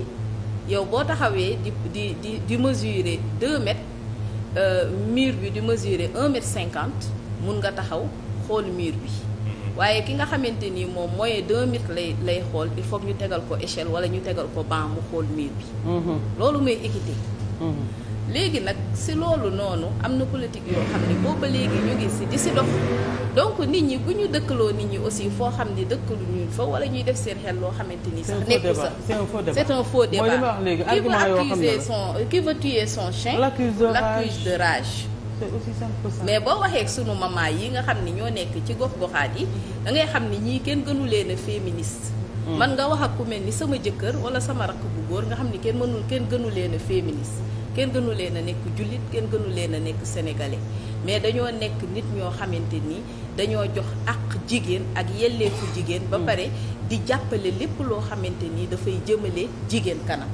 yow boo taxawee di di di di mesurer deux mètres euh, mur bi di mesurer un mètre cinquante mun nga taxaw xool mur bi mm-hmm. waaye ki nga xamante ni moom moyen deux mètres lay lay xool il faut ñu tegal ko échelle wala ñu tegal ko banc mu xool miir bi mm-hmm. loolu mooy équité mm-hmm. léegi nag si loolu noonu am na politique yoo xam ne booba léegi ñu ngi si di si dox donc nit ñi bu ñu dëkkaloo nit ñi aussi foo xam ne dëkkaluñu fa wala ñu def seen xel loo xamante ni sax nekku sax c'est un faux débat qui veut accuser son qui veut tuer son chien l'accuse de rage mais boo waxee ak sunu maman yi nga xam ni ñoo nekk ci gox goxaat yi da ngay xam ni ñii kenn gënu leen a féministe hmm. man nga wax ak ku mel ni sama jëkkër wala sama rakk bu góor nga xam ni kenn mënul kenn gënu leen a féministe kenn gënu leen a nekk jullit kenn gënu leen a nekk sénégalais mais dañoo nekk nit ñoo xamante nii dañoo jox ak jigéen ak yelleefu jigéen ba hmm. pare di jàppale lépp loo xamante nii dafay jëmale jigéen kanam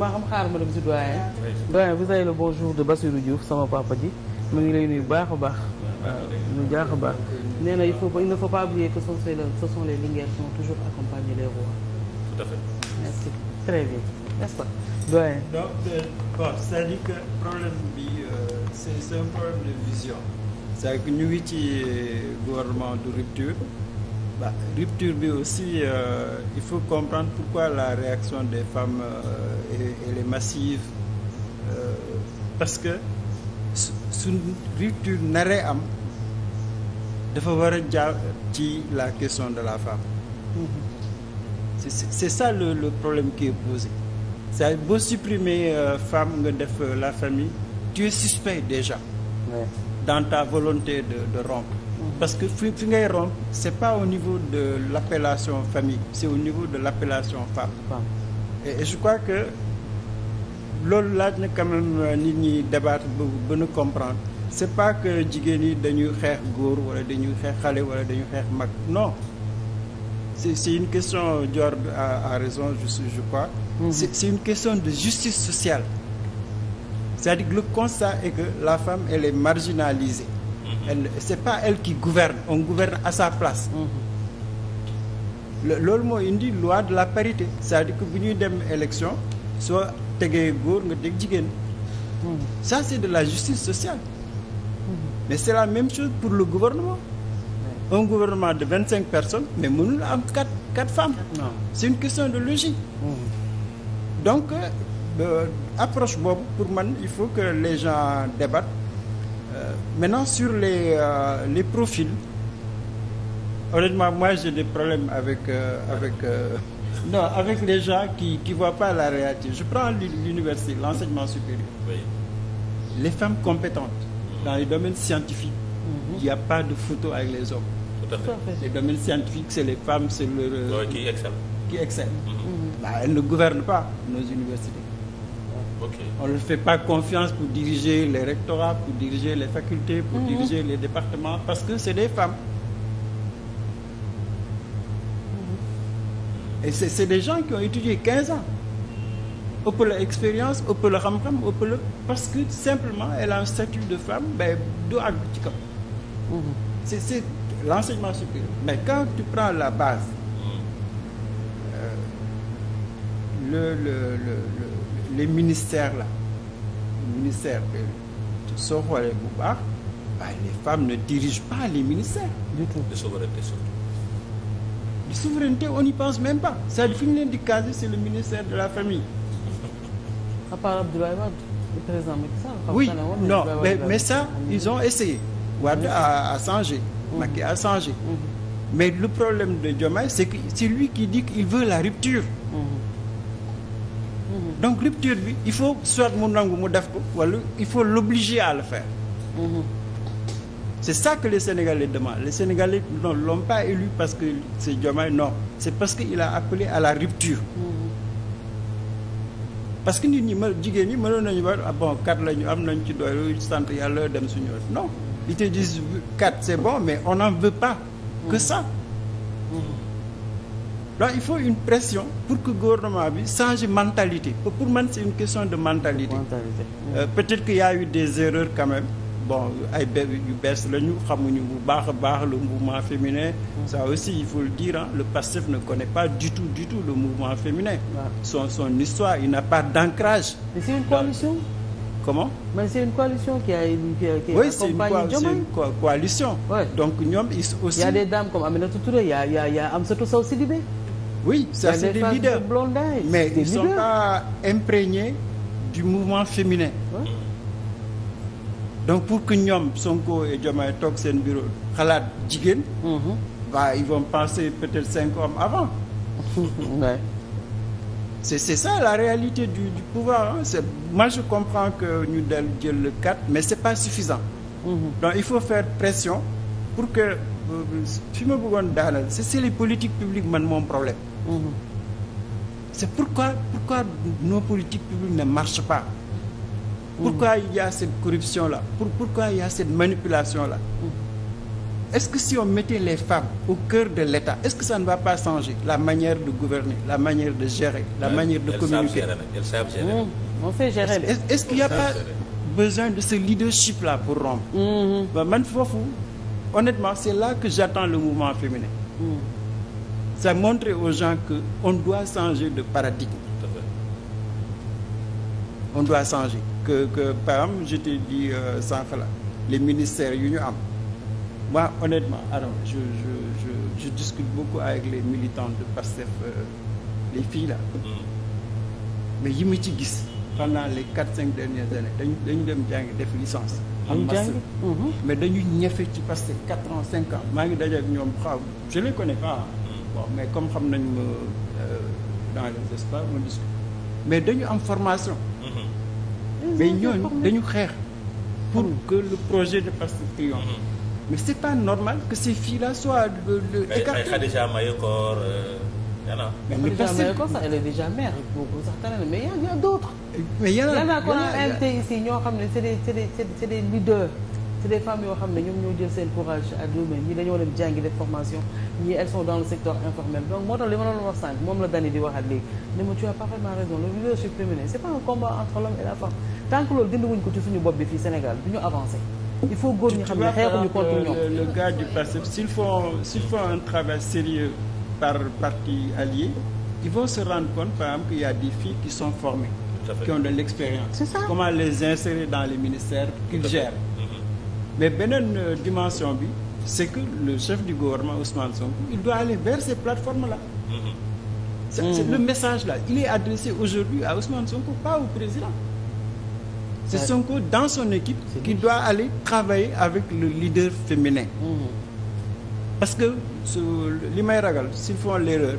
maa xam xaar ma dem si doyen doyen vous avez le bonjour de Bassirou Diouf sama papa ji mu ngi lay nuyu baax a baax ñu jaax a baax nee na il faut il ne faut pas oublier que ce sont les ce sont toujours accompagné les merci très bien n'est-ce euh, que problème bi euh, c'est c'est un problème de vision cest à que ñu ngi ci euh, gouvernement de rupture bah rupture bi aussi euh, il faut comprendre pourquoi la réaction des femmes euh, elle est massive parce que su su rupture naree am dafa war a jaar ci la question de la femme mm-hmm. c'est, ça le, le problème qui est posé c'est boo supprimer euh, femme nga def euh, la famille tu es suspect déjà dans ta volonté de de rompre mm. parce que fi fi ngay rompre c'est pas au niveau de l'appellation famille c'est au niveau de l'appellation femme et, et je crois que loolu laaj na quand euh, nit ñi débattre ba gën a comprendre c'est pas que jigéen yi dañuy xeex góor wala dañuy xeex xale wala dañuy xeex mag non c'est une question, Dior a, a, raison, je, je crois, mm -hmm. c'est une question de justice sociale. C'est-à-dire que le constat est que la femme, est marginalisée. Mm pas elle qui gouverne, on gouverne à sa place. Mm Loolu moo indi loi de la parité c'est-à-dire que bu ñuy dem élection soo tege góor nga teg jigéen. Mhm. Ça c'est de la justice sociale. Mhm. Mais c'est la même chose pour le gouvernement. un gouvernement de vingt cinq personnes mais mënul am quatre quatre femmes. non c'est une question de logique. Mm-hmm. donc euh, euh, approche boobu pour man il faut que les gens débattent euh, maintenant sur les euh, les profils honnêtement moi j'ai des problèmes avec euh, avec euh, non avec les gens qui qui voient pas la réalité je prends l'université l'enseignement supérieur. Oui. les femmes compétentes dans les domaines scientifiques. Mm-hmm. il n'y a pas de photo avec les hommes. tout à fait les domaines scientifiques c'est les femmes c'est le euh, oui, qui excellent qui mm-hmm. Mm-hmm. ne gouvernent pas nos universités on ne fait pas confiance pour diriger les rectorats pour diriger les facultés pour mm-hmm. diriger les départements parce que c'est des femmes et c'est des gens qui ont étudié 15 ans ëpp la expérience ëpp la xam parce que simplement elle a un statut de femme ben du c'est l'enseignement supérieur. Mais quand tu prends la base, euh, le, le, le, les ministères là, le ministère de Soro et Bouba, bah, les femmes ne dirigent pas les ministères du tout. De souveraineté surtout. De souveraineté, on n'y pense même pas. Ça définit du cas, c'est le ministère de la famille. À part Abdoulaye Wade, le président Meksa, Oui, non, mais, mais ça, ils ont essayé. Wade a, a changé. Macky a changé. Mm-hmm. Mais lu problème de Diomaye, c'est que c'est lui qui dit qu'il veut la rupture. Mm-hmm. Mm-hmm. donc rupture bi il faut soit mu nangu mu def ko wala il faut l'obliger à le faire mmh. c'est ça que les Sénégalais demandent les Sénégalais non l'ont pas élu parce que c'est Diomaye non c'est parce que il a appelé à la rupture parce que nit ñi ma jigéen ñi mënoon nañu war ah bon kat la ñu am nañ ci doylu sant yàlla dem suñu non ils te disent 4 c'est bon, mais on n'en veut pas que ça. Donc il faut une pression pour que gouvernement bi change mentalité pour man c'est une de mentalité. mentalité. Euh, peut-être qu'il y a eu des erreurs quand même. bon ay be yu bees la ñu xamuñu bu baax a baax le mouvement féminin ça aussi il faut le dire le PASTEF ne connaît pas du tout du tout le mouvement féminin son son histoire il n'a pas d'ancrage mais c'est une coalition comment mais c'est une coalition qui a une qui a, qui oui, c'est une, co ñoom ils aussi il y a des dames comme Aminata Touré il y a il y a, y a Amsatou Sow Sidibé oui ça mais ils ne sont pas imprégnés mouvement féminin ouais. donc pour que ñoom Sonko et Diomaye toog seen biro xalaat jigéen mhm. bah ils vont penser peut-être cinq hommes <laughs> c'est c'est ça la réalité du du pouvoir hein. c'est moi je comprends que ñu dal jël le 4 mais c'est pas suffisant mmh. donc il faut faire pression pour que euh, fi ma bëggoon daanal c'est c'est les politiques publiques man moom problème mmh. c'est pourquoi pourquoi nos politiques publiques ne marchent pas mm-hmm. pourquoi il y a cette corruption là pour pourquoi il y a cette manipulation là mm-hmm. est-ce que si on mettait les femmes au cœur de l'État est-ce que ça ne va pas changer la manière de gouverner la manière de gérer la manière de communiquer mmh. on sait gérer est-ce qu'il n'y a pas besoin de ce leadership là pour rompre mmh. ba man foofu honnêtement c'est là que j'attends le mouvement féminin ça mmh. montre aux gens que on doit changer de paradigme on doit changer que que par exemple je te dis sànq les ministères yu ñu am moi, honnêtement, alors, je, je, je, je, discute beaucoup avec les militants de PASTEF, euh, les filles là. Mm. Mais yi ma ci gis pendant les quatre cinq dernières années dañu dañu dem jàngi def licence. am master mm-hmm. mais dañu ñefe ci PASTEF quatre ans cinq ans. maa ngi daje ak ñoom xaw je les connais pas. Mm. mais comme xam nañu euh, dans les espaces ma discute. mais dañu am formation. Mm-hmm. mais ñooñu dañu xeex. pour mm. que le projet de PASTEF triomphe. Mm-hmm. mais c'est pas normal que ces filles-là soient euh, écartées. ay Khadija Mahécor yàlla. Euh, mais déjà mère boobu sax tane mais y a d'autres. mais y en a y en a ñoo xam ne c'est des c'est c'est des leaders. c'est des femmes yoo xam ne ñoom ñoo jël seen courage à deux-mains ñii dañoo dem jàngi def formation ñii elles sont dans le secteur informel donc moo tax li ma doon wax sànq moom la Dani di waxaat léegi ne ma tu as parfaitement raison le leadership féminin c'est pas un combat wuñ ko ci suñu bopp bi fii Sénégal du ñu avancer. il faut góor ñi xam ne le gars du Pastef s'ils font un travail sérieux par parti allié ils vont se rendre compte par exemple qu'il y a des filles qui sont formées. qui ont de l'expérience. c'est ça comment les insérer dans les ministères qu'ils gèrent. Mm-hmm. mais beneen euh, dimension bi c'est que le chef du gouvernement Ousmane Sonko il doit aller vers ces plateformes là. Mm-hmm. c'est mm-hmm. le message là il est adressé aujourd'hui à Ousmane Sonko pas au président. C'est Sonko dans son équipe qui doit aller travailler avec le leader féminin. Mmh. Parce que li may ragal s'ils font l'erreur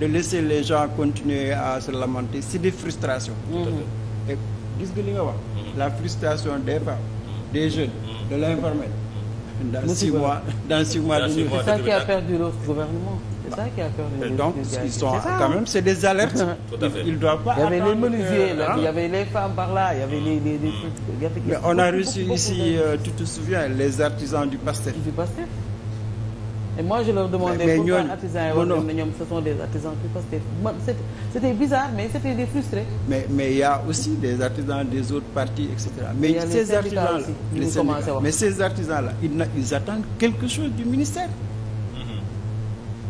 de laisser les gens continuer à se lamenter c'est des frustrations. Mmh. nga li nga wax. Mmh. la frustration des femmes des jeunes de l'informel. dans six mois dans six mois. c'est ça gouvernement. ça qui a permis et euh, donc ils sont des alertes. tout à fait ils doivent pas. il y avait les euh, menuisiers là il y hmm. mais on a reçu ici euh, tu te les artisans du Pastef. du Pastef. Et je leur demandais mais, mais man c'était bizarre mais c'était mais mais il y a aussi des artisans des autres partis et cetera. mais il y a ces artisans là mais ces artisans là ils attendent quelque chose du ministère.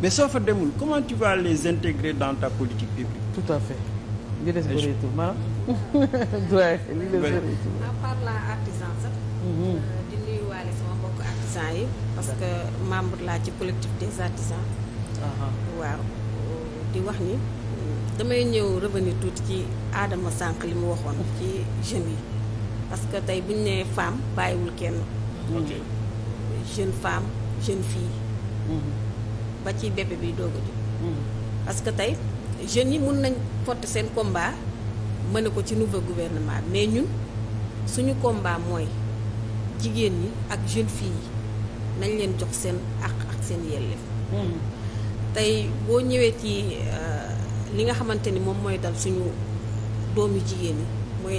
mais soo fa demul comment tu vas les intégrer dans ta politique publique. tout à fait. li des bëreetul maanaam. <laughs> li des bëreetul. en parlant artisan sax. Mhm. Euh, di nuyuwaale sama mbokk artisan yi. parce que membre laa ci collectif des artisans. waaw di wax ni. damay ñëw revenir tuuti ci aadama sànq li mu waxoon ci jeunes yi parce que tey bu ñu nee femme bàyyiwul kenn. jeune femme jeune fille. Mhm. ba ci bébé bi doog a hmm. parce que tey jeunes yi mun nañ porter seen combat mën na ko ci nouveau gouvernement mais ñun suñu combat mooy jigéen ñi ak jeune fille yi nañ leen jox seen ak ak seen yelleef hmm. tey boo ñëwee ci euh, li nga xamante ni moom mooy dal suñu doomu jigéen ñi mooy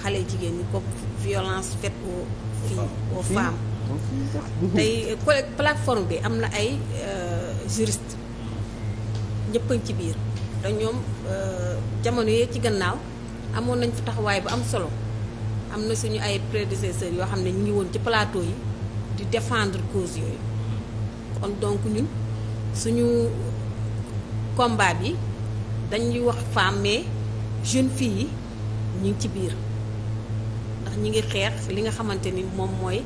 xale jigéen ñi comme violence faite aux filles aux femmes tey plateforme bi am na ay euh, juriste ñëpp ci biir dañoom ñoom euh, jamono yee ci gannaaw amoon nañ fi taxawaay bu am solo am na suñu ay prédécesseurs yoo xam ne ñu ngi woon ci plateau yi di defendre cause yooyu kon donc ñun suñu combat bi dañuy wax femme mais jeune fille yi ñu ngi ci biir ndax ñu ngi xeex li nga xamante ni moom mooy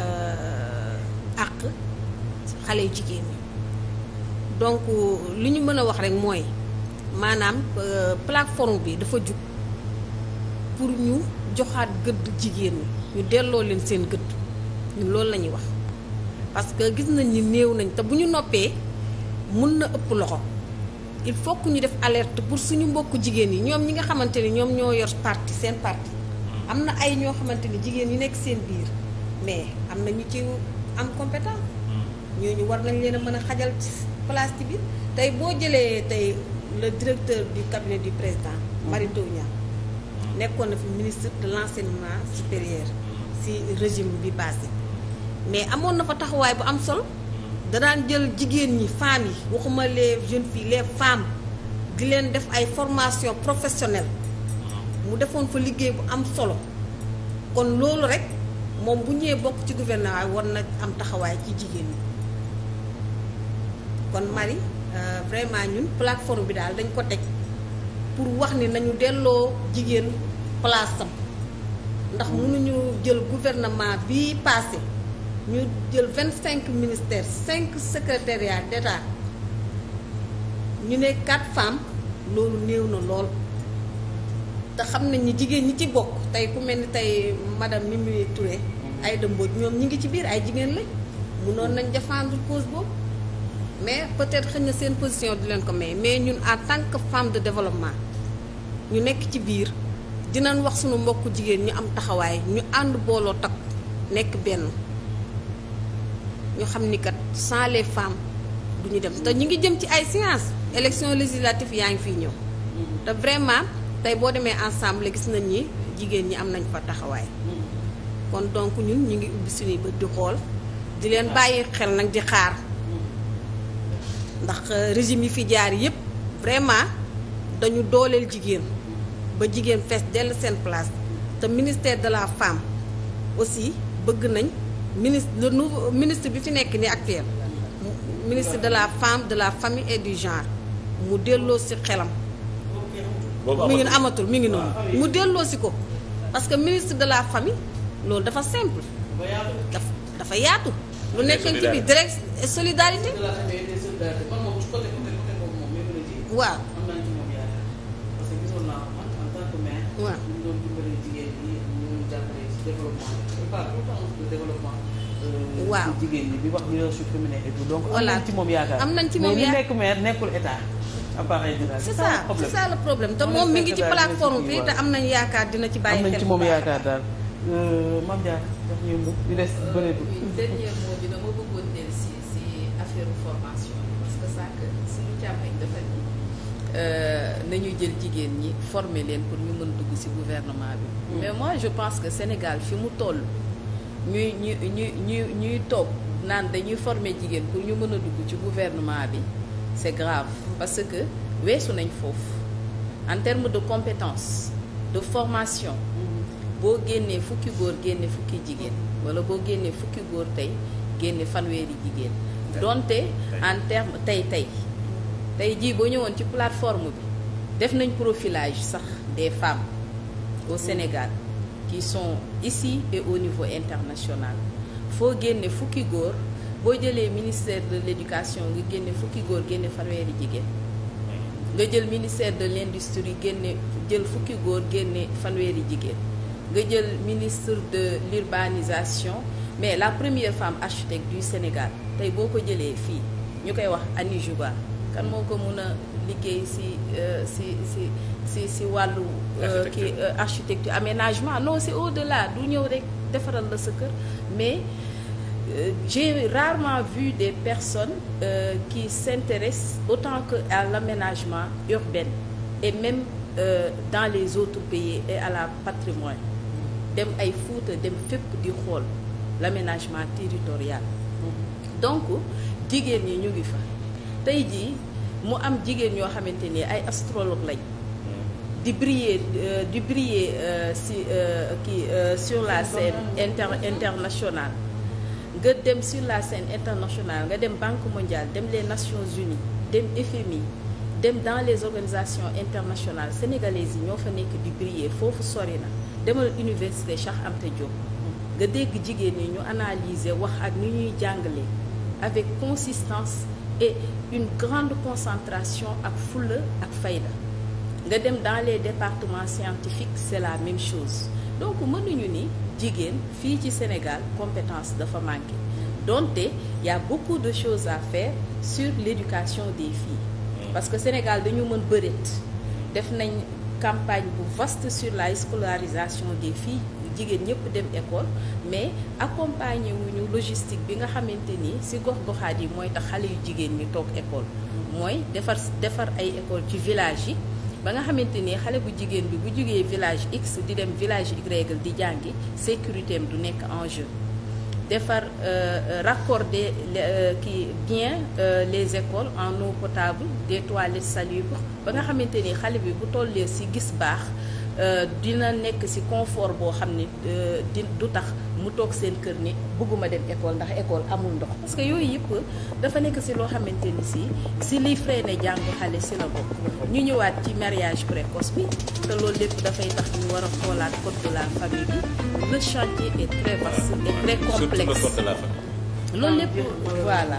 euh, àq xale yu jigéen ñi donc lu ñu mën a wax rek mooy maanaam euh, plateforme bi dafa jug pour ñu joxaat gëdd jigéen ñu delloo leen seen gëdd ñun loolu la ñuy wax parce que gis nañ ni néew nañ te bu ñu noppee mun na ëpp loxo il faut que ñu def alerte pour suñu mbokku jigéen yi ñoom ñi nga xamante ni ñoom ñoo yor parti seen parti am na ay ñoo xamante ni jigéen yi nekk seen biir mais am na ñu ci am compétence mm. ñooñu war nañ leen a mën a xajal place ci biir tey boo jëlee tey le directeur di cabinet du président mhm. Mary Teuw Niane nekkoon na fi ministre de l'enseignement supérieur si régime bi passé mais amoon na fa taxawaay bu am solo danaan jël jigéen ñi femmes yi waxuma les jeunes filles lee femmes di leen def ay formation professionnelle mu defoon fa liggéey bu am solo kon loolu rek moom bu ñëwee bokk ci gouvernement war na am taxawaay ci jigéen ñi kon Marie euh, vraiment ñun plateforme bi daal dañ ko teg pour wax ni nañu delloo jigéen place am ndax mënuñu jël gouvernement bi passé ñu jël vingt cinq ministères cinq secrétariats d'État ñu ne quatre femmes loolu néew na lool te xam nañ ñi jigéen ñi ci bokk tey ku mel ni tey madame Mimi Touré Aïda Mbodj ñoom ñi ngi ci biir ay jigéen lañ mënoon nañ défendre cause boobu mais peut-être xëy na seen position du leen ko mais mais ñun en tant que femme de développement ñu nekk ci biir dinan wax suñu mbokku jigéen ñu am taxawaay ñu ànd booloo takk nekk benn ñu xam ni kat sans les femmes du ñu dem te ñu ngi jëm ci ay séance élection législative yaa ngi fiy ñëw te vraiment tey boo demee ensemble gis nañ ni jigéen ñi am nañ fa taxawaay kon donc ñun ñu ngi ubbi suñuy bët di xool di leen ah. bàyyi xel nag di xaar ndax euh, régime yi fi jaar yëpp vraiment dañu dooleel jigéen ba jigéen fees dell seen place te ministère de la femme aussi bëgg nañ ministre le nouveau ministre bi fi nekk ni actuel ministre de la femme de la famille et du genre mu delloo si xelam mi ngi amatul mi ngi noonu mu delloo si ko parce que ministre de la famille loolu dafa simple dafa yaatu lu nekk ci direct solidarité solidarité man moom ci waaw waaw bi par rapport au waaw jigéen ñi bi euh, wax leadership féminin et tout donc. am nañ ci moom yaakaar am nañ ci moom yaakaar mais li nekk maire nekkul état. problème te moom mi ngi ci plateforme bi te am nañ yaakaar dina ci bàyyi xel. am nañ ci moom yaakaar daal euh, Mame Diarra daf ñuy mbokk di Euh, nañu jël jigéen ñi former leen pour ñu mën dugg ci gouvernement bi. Mm. mais moi je pense que Sénégal fi mu toll ñuy ñuy ñuy ñuy ñuy toog naan dañuy former jigéen pour ñu mën a dugg ci gouvernement bi c'est grave parce que weesu nañ foofu en termes de compétence de formation. boo génnee fukki góor génne fukki jigéen wala boo génnee fukki góor tey génne fanweeri jigéen. donte en terme tey tey. tey jii boo ñëwoon ci plateforme bi def nañ profilage sax des femmes au Sénégal qui sont ici et au niveau international foo génne fukki góor boo jëlee ministère de l'éducation nga génne fukki góor génne fanweeri jigéen nga jël ministère de l'industrie génne jël fukki góor génne fanweeri jigéen nga jël ministre de l'urbanisation mais la première femme architecte du Sénégal tey boo ko jëlee fii ñu koy wax Annie kan moo ko mun a liggéey si euh, si si si si wàllu euh, kii euh, architecture aménagement non c'est au-delà de du ñëw rek defaral la sa kër mais j'ai rarement vu des personnes euh, qui s'intéressent autant que à l'aménagement urbain et même euh, dans les autres pays et à la patrimoine dem ay Fuuta dem fépp di xool l'aménagement territorial donc jigéen ñi ñu ngi fa tey jii mu am jigéen ñoo xamante ni ay astrologue lañ di briller euh, di briller euh, si euh, kii euh, sur la scène inter internationale nga dem sur la scène internationale nga dem Banque mondiale dem les Nations Unies dem FMI dem dans les organisations internationales sénégalaises yi ñoo fa nekk di briller foofu sori na demal université Cheikh Anta Diop nga dégg jigéen ñi ñu analyser wax ak ñu ñuy jàngale avec consistance et une grande concentration ak fulla ak fayda nga dem dans les département scientifiques c'est la même chose donc mënuñu ni jigéen fii ci Sénégal compétence dafa manqué donte y a beaucoup de choses à faire sur l'éducation des fii parce que Sénégal dañu mën bërit def nañ campagne bu vaste sur la scolarisation de fii jigéen ñëpp dem école mais accompagner wuñu logistique bi nga xamante ni ci gox-goxaat yi mooy tax xale yu jigéen ñi toog école mooy defar defar ay école ci village yi ba nga xamante ni xale bu jigéen bi bu jugee village x di dem village y di jàngi sécurité am du nekk en jeu defar euh, raccorder euh, kii bien euh, les écoles en eau potable des toilettes salubres ba nga xamante ni xale bi bu tollee ci gis baax Euh, dina nekk ci confort boo xam ne euh, di du tax mu toog seen kër ni bëgguma dem école ndax école amul ndox parce que yooyu yëpp dafa nekk ci loo xamante ni ci ci liy freiné jàngu xale ci la bokk ñu ñëwaat ci mariage précoce bi te loolu lépp dafay tax ñu war a xoolaat code de la famille bi le chantier est très vaste et très complexe loolu lépp voilà.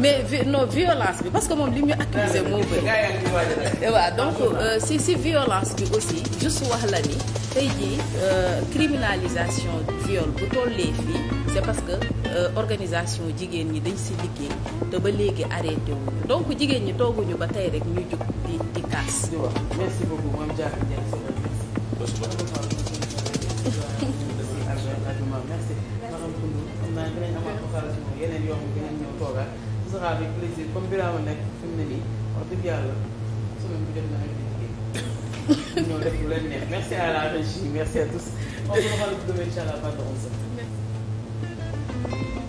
mais non violence bi parce que moom li ñu accusé moo bëri. waaw donc euh, si si violence bi aussi juste wax la ni tey jii euh, criminalisation viol bu tollee fii c'est parce que euh, organisation jigéen ñi dañ si liggéey te ba léegi arrêté wuñu donc jigéen ñi tooguñu ba tey rek ñu jug di di kaas. sera avec plaisir comme Birama nekk fi mu ne nii wax dëgg yàlla semaine bi dem na rek liggéey <laughs> ñoo def lu leen neex merci à la régie merci à tous on se retrouve demain inchallah à partir de 11h